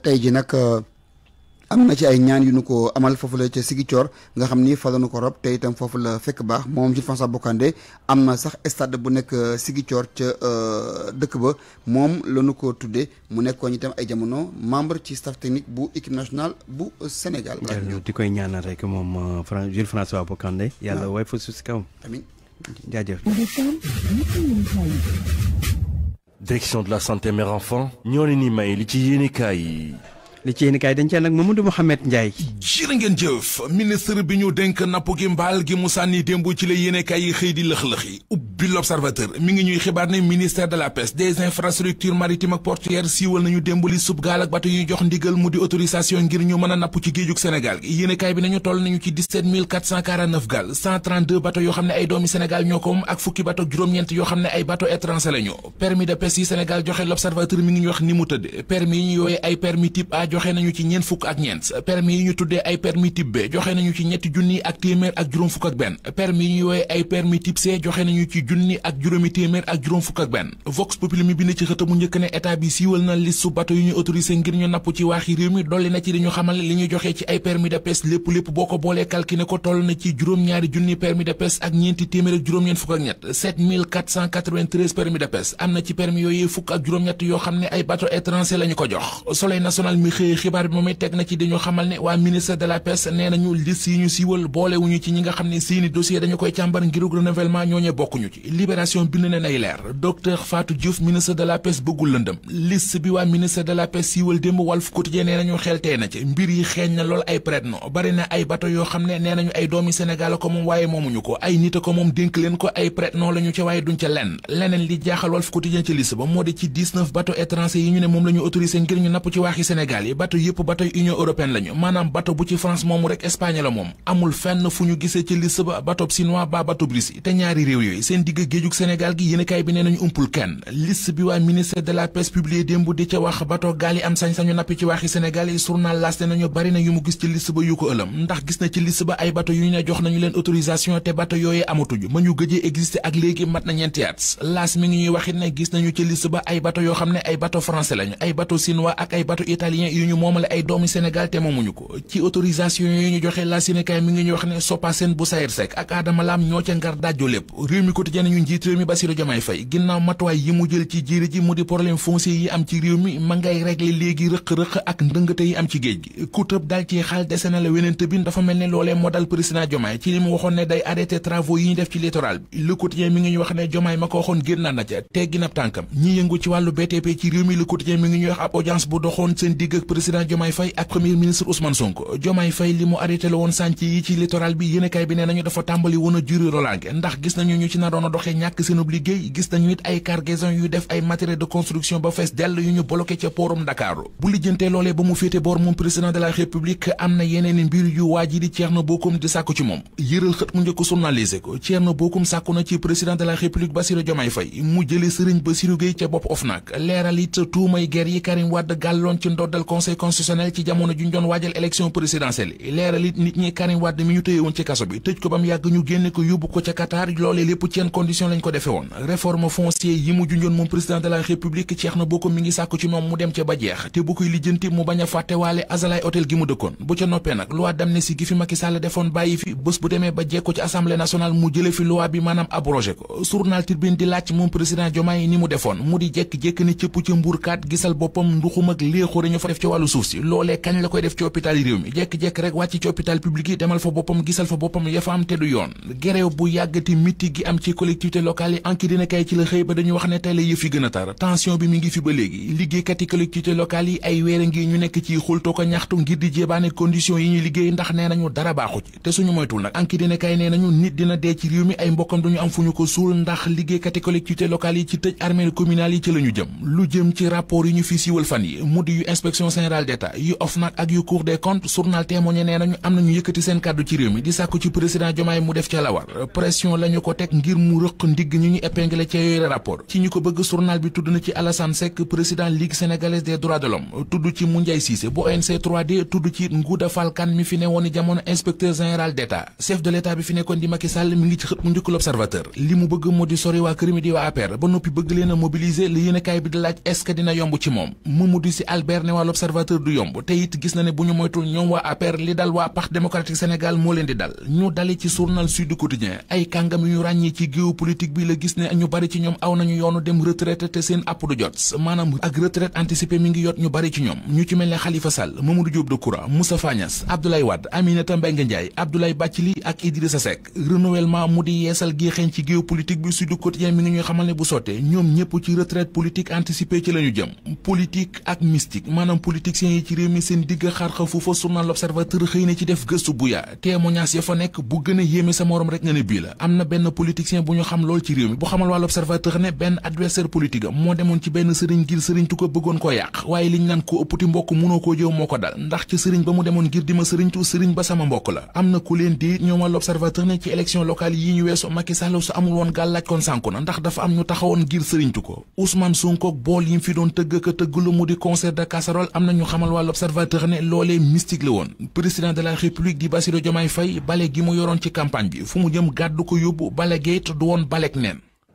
tey ji nag euh, am ci ay membre technique Sénégal. de la santé mère enfant ñoni may li ci yéen kaay dañ cee nag Mamadou Mouhamed ngeen jëf ministre bi ñu dénk napp gi mbaal gi mu sànni démb ci la yéen kaay yi xëy di lëx-lëx ubbi l'observateur mi ngi ñuy xibaar ne ministère de la pêche des infrastructures maritimes ak portuaires siiwal nañu démb li sub gaal ak bato yu jox ndigal mu di autorisation ngir ñu mën a napp ci géejug Sénégal gi yéen kaay bi nañu toll nañu ci 17 449 gaal 132 bato yoo xam ne ay doomi Sénégal ñoo ko moom ak fukki joxe l'observateur mi joxe nañu ci ñeent fukk ak ñeent permis yi ñu tuddee ay permis type B joxe nañu ci ñetti junni ak téeméer ak juróom fukk ak benn permis yi ñuy woowee ay permis type joxe nañu ci junni ak juróomi téeméer ak juróom fukk ak benn Vox Populi mi bind ci xëta mu njëkk ne état bi siiwal na liste su bateau ñu autorisé ngir ñu napp ci waaxi réew mi dolli na ci li ñu xamal li ñu joxe ci ay permis de pêche lépp lépp boo ko boolee calculé ko toll na ci juróom-ñaari junni permis de pêche ak ñeenti téeméer ak juróom-ñeent fukk ak ñett 7493 permis de pêche am na ci permis yooyu fukk ak juróom-ñett yoo xam xëyee xibaar bi moom it teg na ci dañu xamal ne waa ministre de la pêche nee nañu liste yi ñu siiwal boolewuñu ci ñi nga xam ne seeni dossier dañu nee nañu xeltee na ci mbir yi xeeñ na lool ay prête bari na ay bateau yoo xam ne nee nañu ay doomi Sénégal ko moom waaye moomuñu ko ay nit a ko moom dénk leen ko ay prête-nom ca waaye duñ ca lenn leneen li jaaxal Walf Quotidien ci liste ba moo di ci 19 bateau étranger yi ñu ne moom la ñu ngir ñu napp ci waaxi Sénégal yi yi bateau yëpp bateau union européenne lañu maanaam bateau bu ci France moomu rek Espagne la moom amul fenn fu ñu gisee ci liste ba bateau chinois ba bateau russe te ñaari réew yooyu seen digg géejug Sénégal gi yéenekaay bi nee nañu umpul kenn liste bi waa ministère de la pêche publié démb di ca wax bateau gaal yi am sañ-sañu nappi ci waaxi Sénégal yi journal L'As ne nañu bari na yu mu gis ci liste ba yu ko ëlëm ndax gis na ci liste ba ay bateau yu ñu ne jox nañu leen yu ñu moomale ay doomu Sénégal te moomuñu ko ci autorisation yi ñu joxe la mi ngi ñu wax ne Soppa bu Sayer Seck ak Adama ñoo ca ngar dajjo lépp réew mi quotidien ñu njiit réew mi ma ngay régler léegi rëq-rëq ak ndëngate yi am ci géej gi ku tëb daal ci xaal dese na la weneen tëbin dafa mel ne loolee moo dal président Diomaye ci li mu waxoon ne day arrêté travaux yi ñu def ci littoral bi le quotidien mi ngi ñu wax ne Diomaye ma ko waxoon président Diomaye Faye ak premier ministre Ousmane Sonko Diomaye Faye li mu arrêté woon sànc yi ci littoral bi yéenekaay bi nee nañu dafa tàmbali woon juri rolaange ndax gis nañu ñu ci naroon a doxee ñàkk seenub liggéey gis nañu it ay cargaison yu def ay matériel de construction ba fees dell yu ñu bloqué ca poorum Dakar bu lijjantee loolee ba mu féete boor président de la république am na yeneen mbir yu waa ji di Thierno Bocoum di sàkku ci moom conseil constitutionnel ci jamono juñ waajal élection présidentielle leeral nit ñi Karim Wade mi ñu tëye woon ci kaso bi tëj ko ba yàgg ñu génne ko yóbbu ko ca Qatar loolee lépp ci yenn condition ko defe woon réforme foncier yi mu junjoon moom président de la république ceex na bokk mi ngi sàkku ci moom mu dem ca ba jeex te bu koy lijjanti mu bañ fàttewaale azalaay hôtel gi mu dëkkoon bu ca noppee nag loi d'amnistie gi fi defoon bàyyi ci wàllu suuf si loolee kañ la koy def ci hôpital yi réew mi jekk-jekk rek wàcc ci hôpital public yi demal fa boppam gisal fa boppam ya fa am te du yoon gereew bu yàggati miti gi am ci collectivité locale yi anki dina kay ci la xëy ba dañu wax ne tey la yëf yi gën a tar tension bi mi ngi fi ba léegi liggéeykat yi collectivité locale yi ay weere ngi ñu nekk ci xultoo ko ñaxtu ngir di jébaane condition yi ñuy liggéey ndax nee nañu dara baaxu ci te suñu moytul nag anki dina kay nee nañu nit dina dee ci réew mi ay mbokkam duñu am fu ñu ndax liggéeykat yi collectivité locale yi ci tëj armée communale yi ci la ñu jëm lu jëm ci rapport yi ñu fi siiwal fan yi mu général d'État yu OFNAC ak yu Cour des comptes journal témoigné nee nañu am nañu yëkkati seen kàddu ci réew mi di sàkku ci président Diomaye mu def ca la war pression la ñu ko teg ngir mu rëq ndigg ñu ñu épinglé ca yooyu rapport ci ñu bëgg journal bi tudd na ci Alassane Seck président Ligue sénégalaise des droits de l'homme tudd ci Moundiaye Cissé bu ONG 3D tudd ci Ngouda Fall Kane mi fi ne jamono inspecteur général d'État chef de l'État bi fi nekkoon di Macky Sall mi ngi ci xët mu njëkk l'Observateur li mu bëgg moo di sori waa kër mi di waa APR ba noppi bëgg leen a mobiliser li yéenekaay bi di laaj est-ce que dina yomb ci moom Mamadou Sy Albert ne waa l'observateur du yomb te gis na ne bu ñu moytul ñoom waa APR li dal waa Parti démocratique Sénégal moo leen di dal ñu dali ci journal Sud Quotidien ay kàngam yu ñu ràññee ci géopolitique bi la gis ne ñu bari ci ñoom aw nañu yoonu dem retraite te seen app du jot maanaam ak retraite anticipée mi ngi yot ñu bari ci ñoom ñu ci mel ne Khalifa Sall Mamadou di yeesal gi xeeñ ci géopolitique bi Sud Quotidien mi ngi ñuy xamal ne bu sottee ñoom politiciens yi ci réew mi seen digg xarxa foofa journal l'observateur xëy na ci def gëstu bu ya témoignage ya fa nekk bu gën a yéeme sa morom rek nga ne bii la am na benn politicien bu ñu xam lool ci réew mi bu xamal waa l'observateur ne benn adversaire politique am moo demoon ci benn sëriñ ngir sëriñ tu ko bëggoon ko yàq waaye liñ naan ko ëpputi mbokk mënoo koo jëw moo ko dal ndax ci sëriñ ba mu demoon ngir dima sëriñ tu sëriñ ba sama mbokk la am na ku leen di ñoom waa l'observateur ne ci élection locale yi ñu weesu Macky Sall su amul woon gàllaaj kon sànku na ndax dafa am ñu taxawoon ngir sëriñ tu ko Ousmane Sonko bool yi fi doon tëgg ka tëgg lu mu di concert de casserole xamal l'observateur ne loolee mystique la président de la république di basiro fay bale gi mu ci campagne bi fu mu jëm ko bale du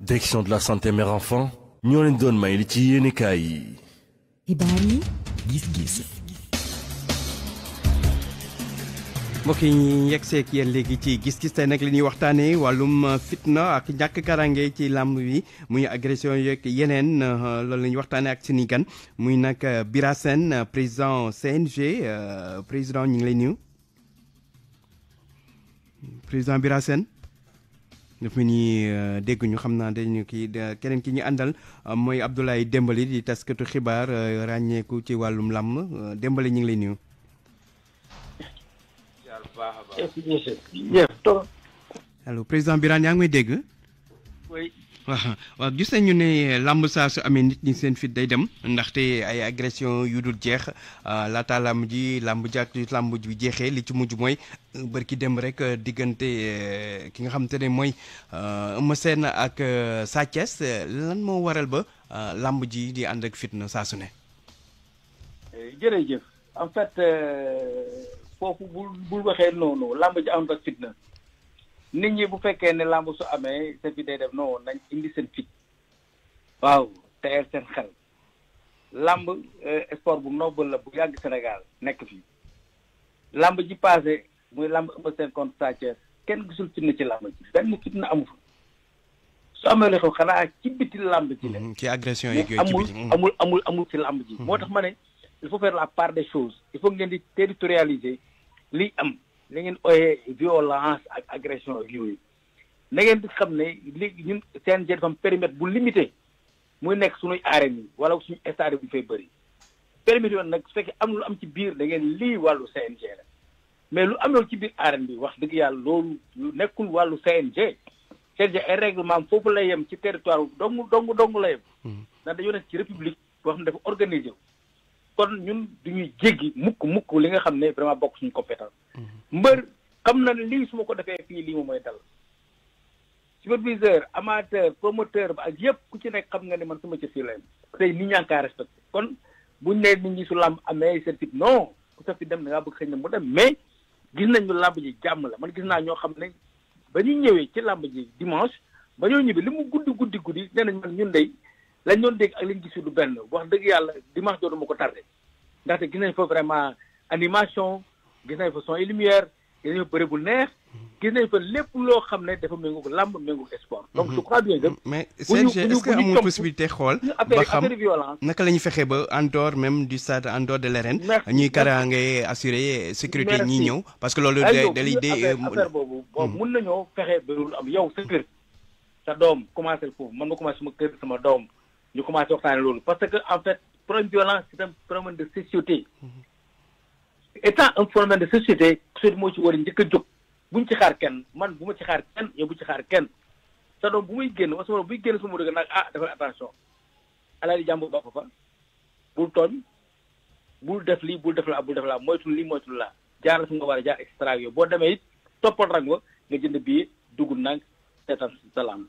direction de la santé mère enfant ñoo leen doon may li ci gis-gis. mbokk yi ñu yegg seeg léegi ci gis-gis tey nag li ñuy waxtaanee wàllum fitna ak ñàkk karange ci làmb bi muy agression yeeg yeneen euh, loolu lañuy ñuy waxtaanee ak suñuy gan muy nag euh, Bira Sène euh, président CNG président ñu ngi lay nuyu. président Bira Sène daf ma ni dégg ñu xam naa dañu kii keneen ki ñu àndal mooy Abdoulaye Dembali di taskatu xibaar ràññeeku ci wàllum làmb Dembali ñu ngi lay nuyu. baax a baax. président Birane yaa ngi may dégg. waa waaw waaw ñu ne eh, làmb saa su amee nit ñi seen fit day dem ndaxte ay agression yu dul jeex ah, laataa làmb ji làmb ji ak làmb ji jeexee li ci mujj mooy euh, bërki dem rek euh, diggante euh, ki nga xam te ne mooy Eumeu Sène ak Sa Thiès lan moo waral ba làmb ji di ànd ak fitna saa ne. Eh, foofu bul bul waxee noonu lamb ji am ak fitna nit ñi bu fekké né lamb su amé sa fi day def non nañ indi sen fit waaw teyal sen xel lamb euh, sport bu noble la bu yàgg Sénégal nek fi lamb ji passé muy lamb ëmb sen compte Sa Thiès kenn gisul fitna ci lamb ji ben fitna amu fa su amee la xew xanaa ci biti lamb ji la mm-hmm, ci agression yeeg yooyu amul mm-hmm. amul amul amul ci lamb ji motax mm-hmm. mané il faut faire la part des choses il faut ngeen di territorialiser liy am na ngeen ooyee violence ak agression ak yooyu na ngeen di xam ne li ñun CNG dafa am périmètre bu limité muy nekk suñuy arène yi wala suñu stade bi fay bëri périmètre yoon nag su fekkee am lu am ci biir da ngeen lii wàllu CNG la mais lu am loolu ci biir arène bi wax dëgg yàlla loolu lu nekkul wàllu CNG CNG ay règlement foofu lay yem ci territoire dong dong dong la yem hmm. ndax dañoo nekk ci république boo xam ne dafa organisé wu kon ñun duñu jéggi mukk mukk li nga xam ne vraiment bokk suñu compétence mbër xam na lii su ma ko defee fii lii ma mooy dal superviseur amateur promoteur ba ak yépp ku ci nekk xam nga ne man suma ci fii lay tey nit ñaa ngi respecté kon buñ ne nit ñi su lamb amee certif non ku sa fi dem da ngaa bëgg xëy na mu dem mais gis nañu lamb ji jàmm la man gis naa ñoo xam ne ba ñu ñëwee ci lamb ji dimanche ba ñoo ñibbi li mu guddi guddi guddi nee nañ man ñun day lañ doon dégg ak lañ gisul du benn wax dëgg yàlla dimanche doonu ma ko tardé ndaxte gis nañ fa vraiment animation gis nañ fa son et lumière gis nañ fa bëre bu neex gis nañ fa lépp loo xam ne dafa méngoog làmb méngoog sport. donc mhm. je crois bien que. mais CNG est-ce que amul possibilité xool. ba xam naka la ñu fexe ba en dehors même du stade en dehors de l'arène. ñuy kaaraange assurer sécurité ñi ñëw. parce que loolu day day day. affaire euh, boobu boobu hmm. mun nañoo fexe ba am yow sa kër sa doom commencé foofu man ma commencé sama kër sama doom. ñu commencé waxtaane loolu parce que en fait problème violence c'est un problème de société étant un problème de société société moo ci war njëkk a jóg buñ ci xaar kenn man bu ma ci xaar kenn yow bu ci xaar kenn sa doom bu muy génn wala sama buy génn suma dëgg nag ah defal attention alal di jàmbur ba fa bul tooñ bul def lii bul def laa bul def laa moytul lii moytul laa jaar su nga war a jaar extra yooyu boo demee it toppal rang wa nga jënd billet dugg nag seetaan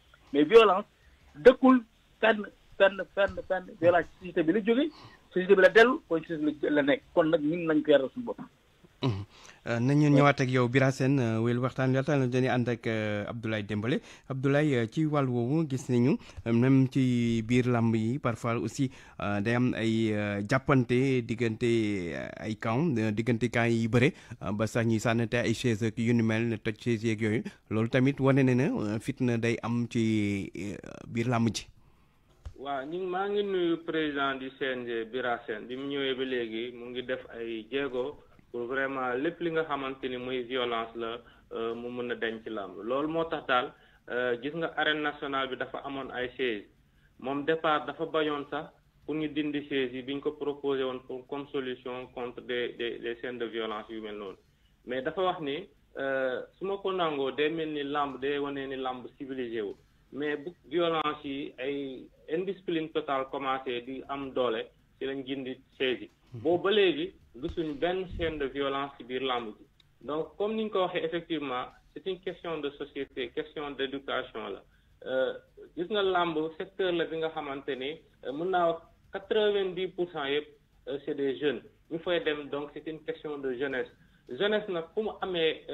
mais violence dëkkul fenn fenn fenn fenn violence société bi la jóge société bi la dellu kon société la nekk kon nag ñun nañ ko yaral bopp Euh, nañu ñëwaat ak yow Bira Sène euh, wéyal waxtaan laata la dañuy ànd ak euh, Abdoulaye Dembélé Abdoulaye ci wàll woowu gis nañu même ci biir làmb yi parfois aussi day am ay jàppante diggante ay camp diggante camp yi bëre ba sax ñuy sànnate ay chaise ak yu ni mel toj chaise yeeg yooyu loolu tamit wane ne na fitna day am ci biir làmb ji. waaw maa ngi nuyu président du CNG Bira bi mu ñëwee ba léegi mu ngi def ay jéego. pour vraiment lépp li nga xamante ni muy violence la euh, mu mën a denc làmb loolu moo tax daal euh, gis nga arène nationale bi dafa amoon ay chaise moom départ dafa bañoon sax pour ñu dindi chaise yi bi ñu ko proposé woon pour comme solution contre des de des scènes de violence yu mel noonu mais dafa wax ni euh, su ma ko nangoo de mel ni làmb de wane ni làmb civilisé wu mais bu violence yi ay indispline totale commencé di am doole ci lañ dindi chaise yi Mmh. boobu ba léegi une benn chaîne de violence ci biir donc comme ni ñu ko effectivement c'est une question de société question d'éducation Dans euh, gis nga lamb secteur la bi nga xamante ni euh, wax quatre-vingt-dix pour cent euh, c'est des jeunes ñu fay dem donc c'est une question de jeunesse jeunesse nag fu mu amee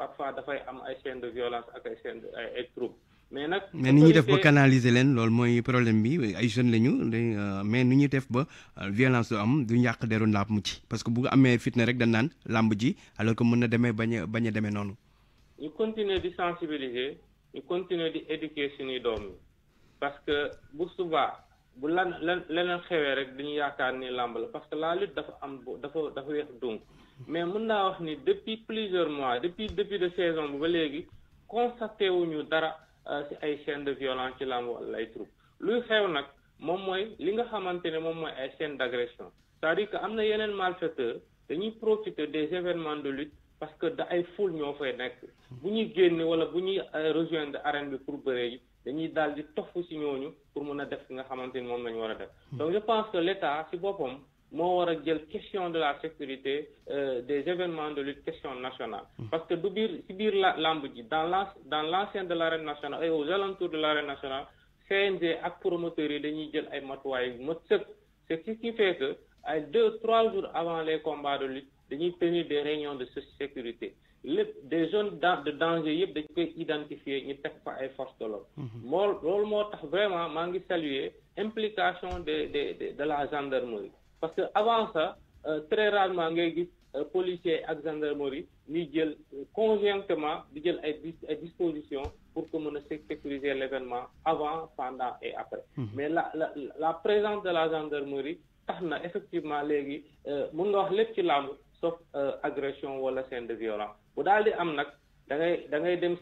parfois dafay am ay scènes de violence ak ay troupes. ay troubles mais nak mais ni ñi def ba canaliser leen lool moy problème bi ay jeunes lañu euh, mais ni ñi def ba euh, violence du am du ñak deru la mu ci parce que bu amé fitna rek dañ nan lamb ji alors que mëna démé baña baña démé bañ a continue ñu continuer di sensibiliser ñu continuer di éduquer suñu doom parce que bu subaa bu lan lan xewé rek dañu yaakaar ni la parce que la lutte dafa am dafa dafa wéx donc mais mën naa wax ni depuis plusieurs mois depuis depuis de saison bu ba léegi constaté wuñu dara. si euh, ay scène de violence ci làmb wala ay troupe luy xew nag moom mooy li nga xamante ne moom mooy ay scène d' agression cest à am na yeneen malfaiteurs dañuy profiter des événements de lutte parce que da ay foule ñoo fay nekk bu ñuy génn wala bu ñuy euh, rejoindre arène bi pour bëree yi dañuy daal di toff si ñooñu pour mën a def nga xamante ni moom la ñu war a def hmm. donc je pense que l' état boppam moo war a jël question de la sécurité euh, des événements de lutte question nationale mmh. parce que du biir biir la dans l'ancien de l'arène nationale et aux alentours de l'arène nationale CNG ak promoteurs yi dañuy jël ay matuwaay c'est ce qui fait que ay deux trois jours avant les combats de lutte dañuy tenir des réunions de sécurité lépp des zones de danger yëpp dañ koy identifier ñu teg fa ay forces de l'ordre mmh. loolu moo tax vraiment maa saluer implication de de de la gendarmerie parce qu'avant ça euh, très rarement les euh, policiers et gendarmerie gendarmes euh, conjointement di dispositions pour que nous sécuriser l'événement avant pendant et après mmh. mais la présence de la gendarmerie a effectivement les mën nga wax lépp ci sauf agression la scène de violence bu daal amnac, am nag da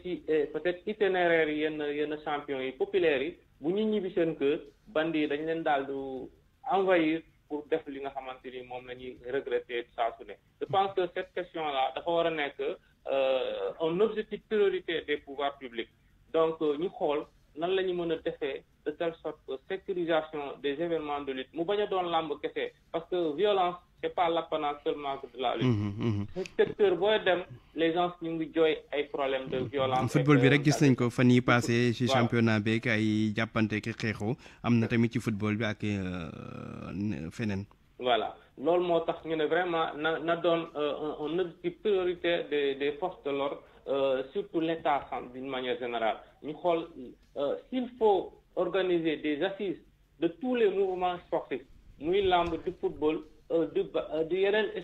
peut-être itinéraire yi yenn champion et populaires yi bu que ñibbi seen kër envahir pour def li nga xamante ni moom la ñuy regretter saa su ne je pense que cette question là dafa war a nekk euh, un objectif prioritaire des pouvoirs publics donc euh, ñu xool nan lañu ñu mën de telle sorte sécurisation des événements de lutte mu bañ a doon làmb kese parce que violence c' est pas l'apanage seulement de la lutte mhm, mhm. secteur booy dem les gens ñu ngi jooy ay problèmes de violence football bi rek gis nañ ko fan passé ci championnat beeg ay jàppante ki xeexoo am na tamit ci football bi ak euh, feneen voilà loolu moo tax ñu ne vraiment na na doon euh, un objectif priorité des forces de l'ordre euh, surtout l' état d'une manière générale euh, s'il faut organiser des assises de tous les mouvements sportifs nous, làmb du football du euh, du euh,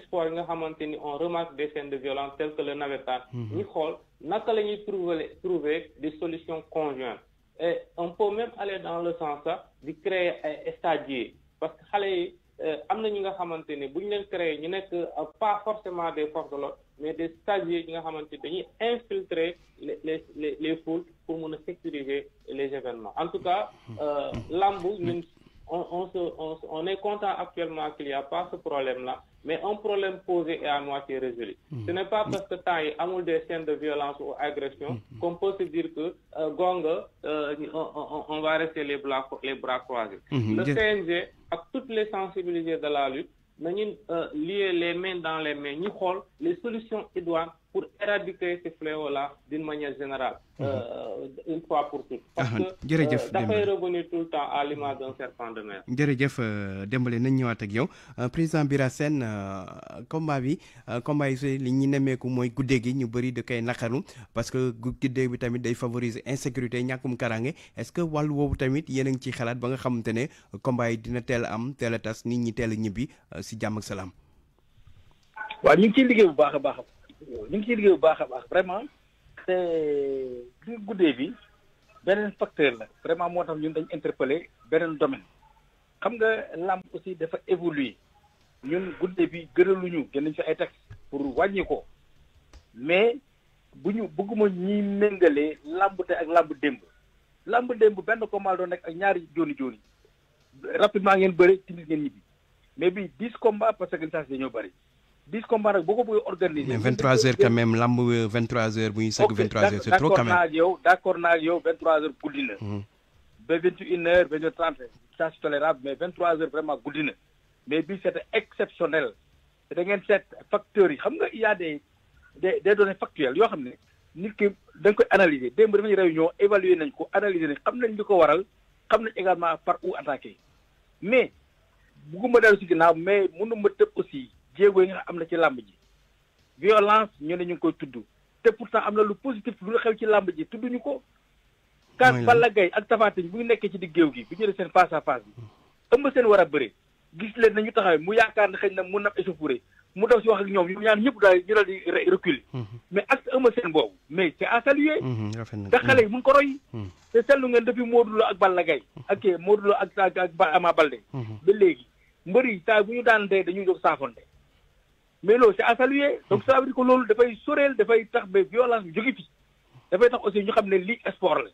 on remarque des scènes de violence telles que le Navetan. Nous, mhm. xool trouver des solutions conjointes on peut même aller dans le sens hein, de créer un stade. parce que euh, am na ñi nga xamante ne bu leen ñu euh, pas forcément des forces de l'ordre mais des stagiaires qui nga xamante ne infiltrer les les les foules pour mun sécuriser les événements en tout cas euh, lamb on on on est content actuellement qu'il y a pas ce problème là mais un problème posé est à moitié résolu. Mmh. ce n'est pas parce que temps yi amul des scènes de violence ou agression mmh, mmh. qu'on peut se dire que gonga on on va rester les bras les bras croisés. le CNG à toutes les sensibilités de la lutte nañu euh, lier les mains dans les mains nous les solutions idoines pour éradiquer ces fléaux d'une manière générale. Mhm. Euh, une fois pour toutes. jërëjëf euh, dafay revenir tout euh, nañ ñëwaat ak yow président Bira Sène combat bi combat li ñu nemmeeku mooy guddee gi ñu bëri da koy naqaru parce que guddee bi tamit day favoriser insécurité ñàkkum karange est-ce que wàllu woowu tamit yéen a ngi ciy xalaat ba nga xamante ne combat dina teel am teel a tas nit ñi teel a ñibbi si jàmm ak salaam. waaw ñu ngi liggéey bu baax a ñu ngi ciy liggéey bu baax a baax vraiment te li guddee bi beneen facteur la vraiment moo tax ñun dañ interpellé beneen domaine xam nga làmb aussi dafa évoluer ñun guddee bi gënaluñu génnañ fi ay texte pour wàññi mais bu ñu bëgguma ñuy méngalee làmb ak làmb démb làmb démb benn combat doon nekk ak ñaari jooni jooni rapidement ngeen bëri timis ngeen ñibbi mais bi dix combat parce que licence dañoo bëri 10 combats nag boo ko organiser. mais 23h quand même lamb 23h euh, bu ñuy 23h c'est trop quand même. d'accord accord naa yow d' accord yow 23h guddi na. Hmm. ba 21h 21h30 ça c'est tolérable mais 23h vraiment guddi mais bii c'était exceptionnel te da ngeen seet facteurs yi xam nga il y a des des des données factuelles yo xamné nit ki da nga koy analyser démb dafa réunion évaluer nañ ko analyser xam nañ liko waral xam nañ également par où attaquer mais bugguma dellu ci ginnaaw mais ma tëb aussi. jéego yi nga xam am na ci làmb ji violence ñu ne ñu ngi koy tudd te pourtant am na lu positif lu xew ci làmb ji tudd ñu ko. mooy Balla Gaye ak Tapha bu ñu nekkee ci diggéew gi bu ñu def seen face à bi. ëmb seen war a bëre gis leen nañu taxawee mu yaakaar ne xëy na mu nap échauffourée mu daw si wax ak ñoom ñoom ñaar ñëpp daal ñu daal di reculer. Mhm. mais ak ëmb seen boobu mais c'est à saluer. Mhm, yi mun ko roy. Mhm. te seetlu ngeen depuis Modou Lo ak Balla Gaye ak Modou Lo ak ak Ama Baldé. ñu daan dee dañuy jóg mais loolu c'est à saluer donc mhm. ça veut loolu dafay soreel dafay tax ba violence bi jóge fi dafay tax aussi ñu xam ne lii sport la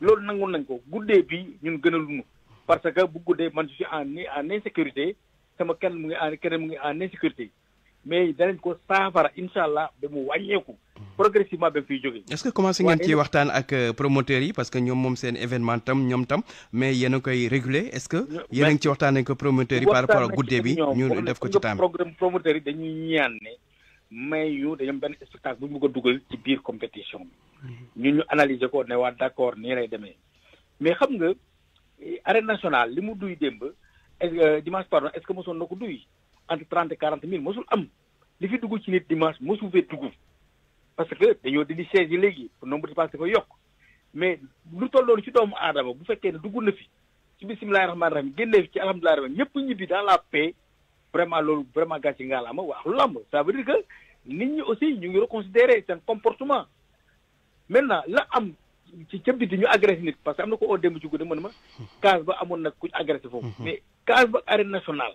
loolu nangu nañ ko guddee bi ñun gën a luñu parce que bu guddee man je suis en en sécurité sama kenn mu ngi en keneen mu ngi en insécurité mais danañ ko saafara incha allah mu wàññeeku progressivement ba mu fiy jógee. est-ce que commencé ngeen ci waxtaan ak euh, promoteurs yi parce que ñoom moom seen événement tam ñoom tam mais yéen koy réguler est-ce que. yéen ngi ci waxtaan ak promoteurs yi. par rapport ak guddee bi ñu def ko ci temps programme promoteurs yi dañuy ñaan ne may yu dañoo benn spectacle bu ñu bëgg a dugal ci biir compétition bi. Mhm. ñun ñu analyser ko ne waa d'accord nii lay demee mais xam nga arène national li mu duy démb dimanche pardon est-ce que mosoon na ko duy. entre trente et quarante mille mosul am li fi dugg ci nit dimanche mosu fee dugg parce que dañoo dindi chaise yi léegi pour nombre de passe dafa yokk mais lu tolloon ci doomu aadama bu fekkee ne dugg na fi ci bisimilahi rahmaani rahim génnee ci alhamdulilahi rahim ñëpp ñibbi dans la paix vraiment loolu vraiment gàcce ngaalaama wax lu lamb ça veut que nit ñi aussi ñu ngi reconsidérer seen comportement maintenant la am ci cëb di ñu agressé nit que na ko oo démb ci guddi mën ma ku agressé foofu mhm. mais case ba arène nationale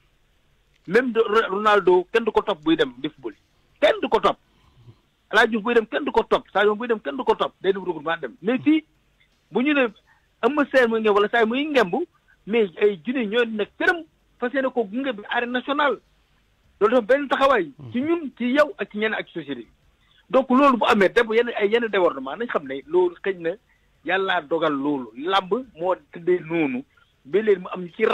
même de Ronaldo kenn du ko topp buy dem di football kenn du ko topp El Hadj Diouf buy dem kenn du ko topp Sadio buy dem kenn du ko topp day dem regroupement dem mais fii bu ñu ne Eumeu Sène muy ngemb wala saa muy ngemb mais ay junne ñoo nekk këram fas yéene ko gunge bi arène national loolu dafa benn taxawaay. ci ñun ci yow ak ci ñenn ak ci société donc loolu bu amee def yenn ay yenn débordement nañ xam ne loolu xëj na yàllaa dogal loolu làmb moo tëddee noonu ba mu am ñu ci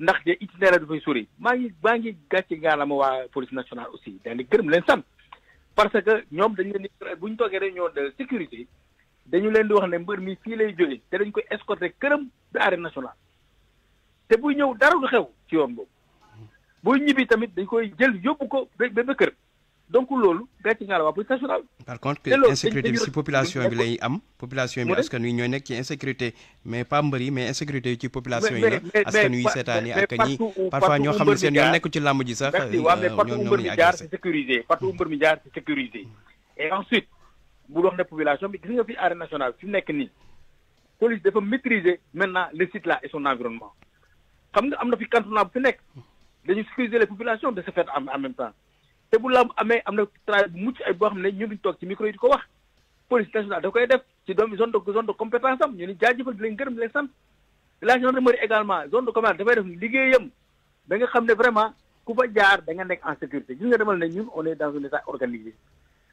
ndax de ndaxte itinéraire dafay sori maa ngi maa ngi gàcce ngaalama waa police nationale aussi daal di gërëm leen sant parce que ñoom dañu leen di bu ñu toogee réunion de sécurité dañu leen di wax ne mbër mi fii lay jógee te dañ koy escorté këram de arène nationale te buy ñëw dara du xew ci yoon boobu buy ñibbi tamit dañ koy jël yóbbu ko ba ba kër donc lolu gàcce nga wa waa police nationale. par contre que insécurité ci population bi lay am. population bi askan wi ñooy nekk ci insécurité mais pas mbër mais insécurité ci population yi la. askan wi seetaan ak ñi parfois ñoo xam ne seen yoon nekk ci lamb ji sax. wa ñoom ñoom la jaar ci sécurisé partout mbër mi jaar ci sécurité et ensuite bu wax ne population bi gis nga fi arène nationale fi nek ni police dafa maîtriser maintenant le site là et son environnement xam nga am na fi cantonnement fi nek dañu sécuriser les populations de ce fait en même temps. te bu lamb amee am na travail bu mucc ay boo xam ne ñun duñ toog ci micro yi di ko wax police nationale da koy def ci doom zone de zone de compétence am ñu ni jaajëfal di leen gërëm di également zone de commande dafay def liggéeyam da xam ne vraiment ku fa jaar da nga nekk en sécurité gis nga demal ne ñun on est dans un état organisé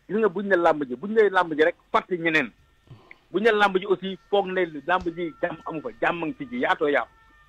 gis nga buñ ne làmb ji buñ ne làmb ji rek fàtte ñeneen buñ ne làmb ji aussi foog ne làmb ji jàmm amu fa jàmm ngi ci ji yaatoo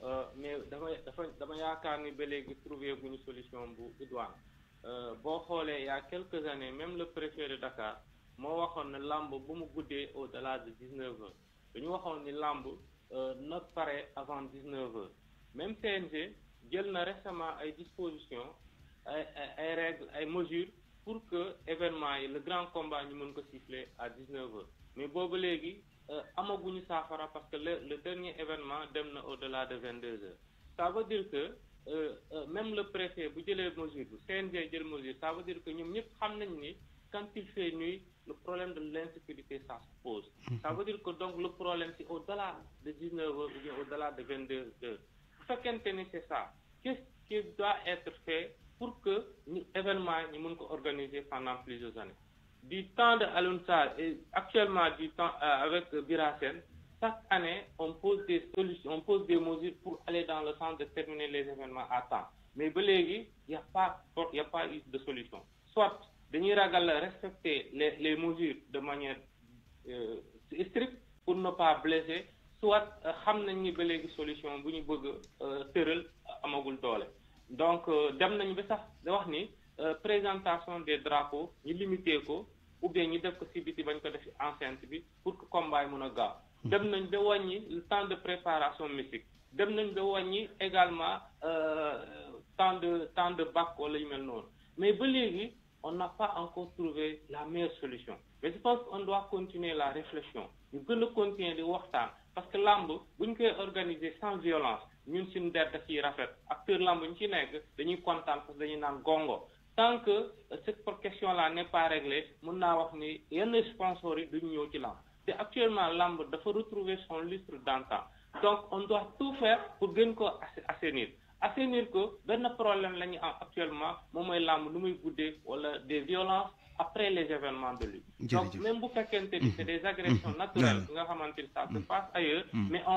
Euh, mais dama dafa dama yaakaar ni ba léegi trouver guñu solution bu idoine euh, boo xoolee y a quelques années même le préfet de Dakar moo waxoon ne làmb bu mu guddee au delà de 19 heures dañu waxoon ni pas euh, na pare avant 19 h même CNG jël na récemment ay dispositions ay ay règles ay mesures pour que événement yi le grand combat ñu mën ko siffler à 19 h mais boobu léegi euh, amaguñu saafara parce que le dernier événement dem au-delà de 22 heures ça veut dire que euh, euh, même le préfet bu jëlee mesure bu CNG jël mesure ça veut dire que nous, ñëpp xam quand il fait nuit le problème de l'insécurité ça se pose mm-hmm. ça veut dire que donc le problème c'est au-delà de 19 heures ou au-delà de 22 heures Chacun fekkente c'est ça qu'est-ce qui doit être fait pour que l'événement événement ñu mën pendant plusieurs années du temps de et actuellement du temps euh, avec Birasen, chaque année, on pose des solutions, on pose des mesures pour aller dans le sens de terminer les événements à temps. Mais il n'y a, pas, eu de solution. Soit, de respecter les, mesures de manière euh, stricte pour ne pas blesser, soit, nous euh, nañ solution pour bëgg donc dem nous ba sax présentation des drapeaux ni ou bien ñu def ko si biti bañ ko def enceinte bi pour que combat yi mun a gaaw. dem nañ ba wàññi le temps de préparation mystique dem nañ ba wàññi également euh, temps de temps de bac wala yu mel noonu mais ba léegi on n'a pas encore trouvé la meilleure solution mais je pense qu'on doit continuer la réflexion ñu gën a continuer di waxtaan parce que làmb buñ koy organiser sans violence ñun suñu der da ciy rafet acteur làmb ñu ci nekk dañuy kontaan parce que dañuy naan gongo tant que cette question-là n'est pas réglée Mon naa wax ni yenn sponsors yi duñu de ci qui l'a. actuellement làmb doit retrouver son litre d'antan donc on doit tout faire pour gën ko assainir assainir ko que problème le problème actuellement moment mooy nous nu des violences après les événements de lui. donc même bu mhm. c'est des agressions mhm. naturelles nga xamante ça se mhm. passe ailleurs mais on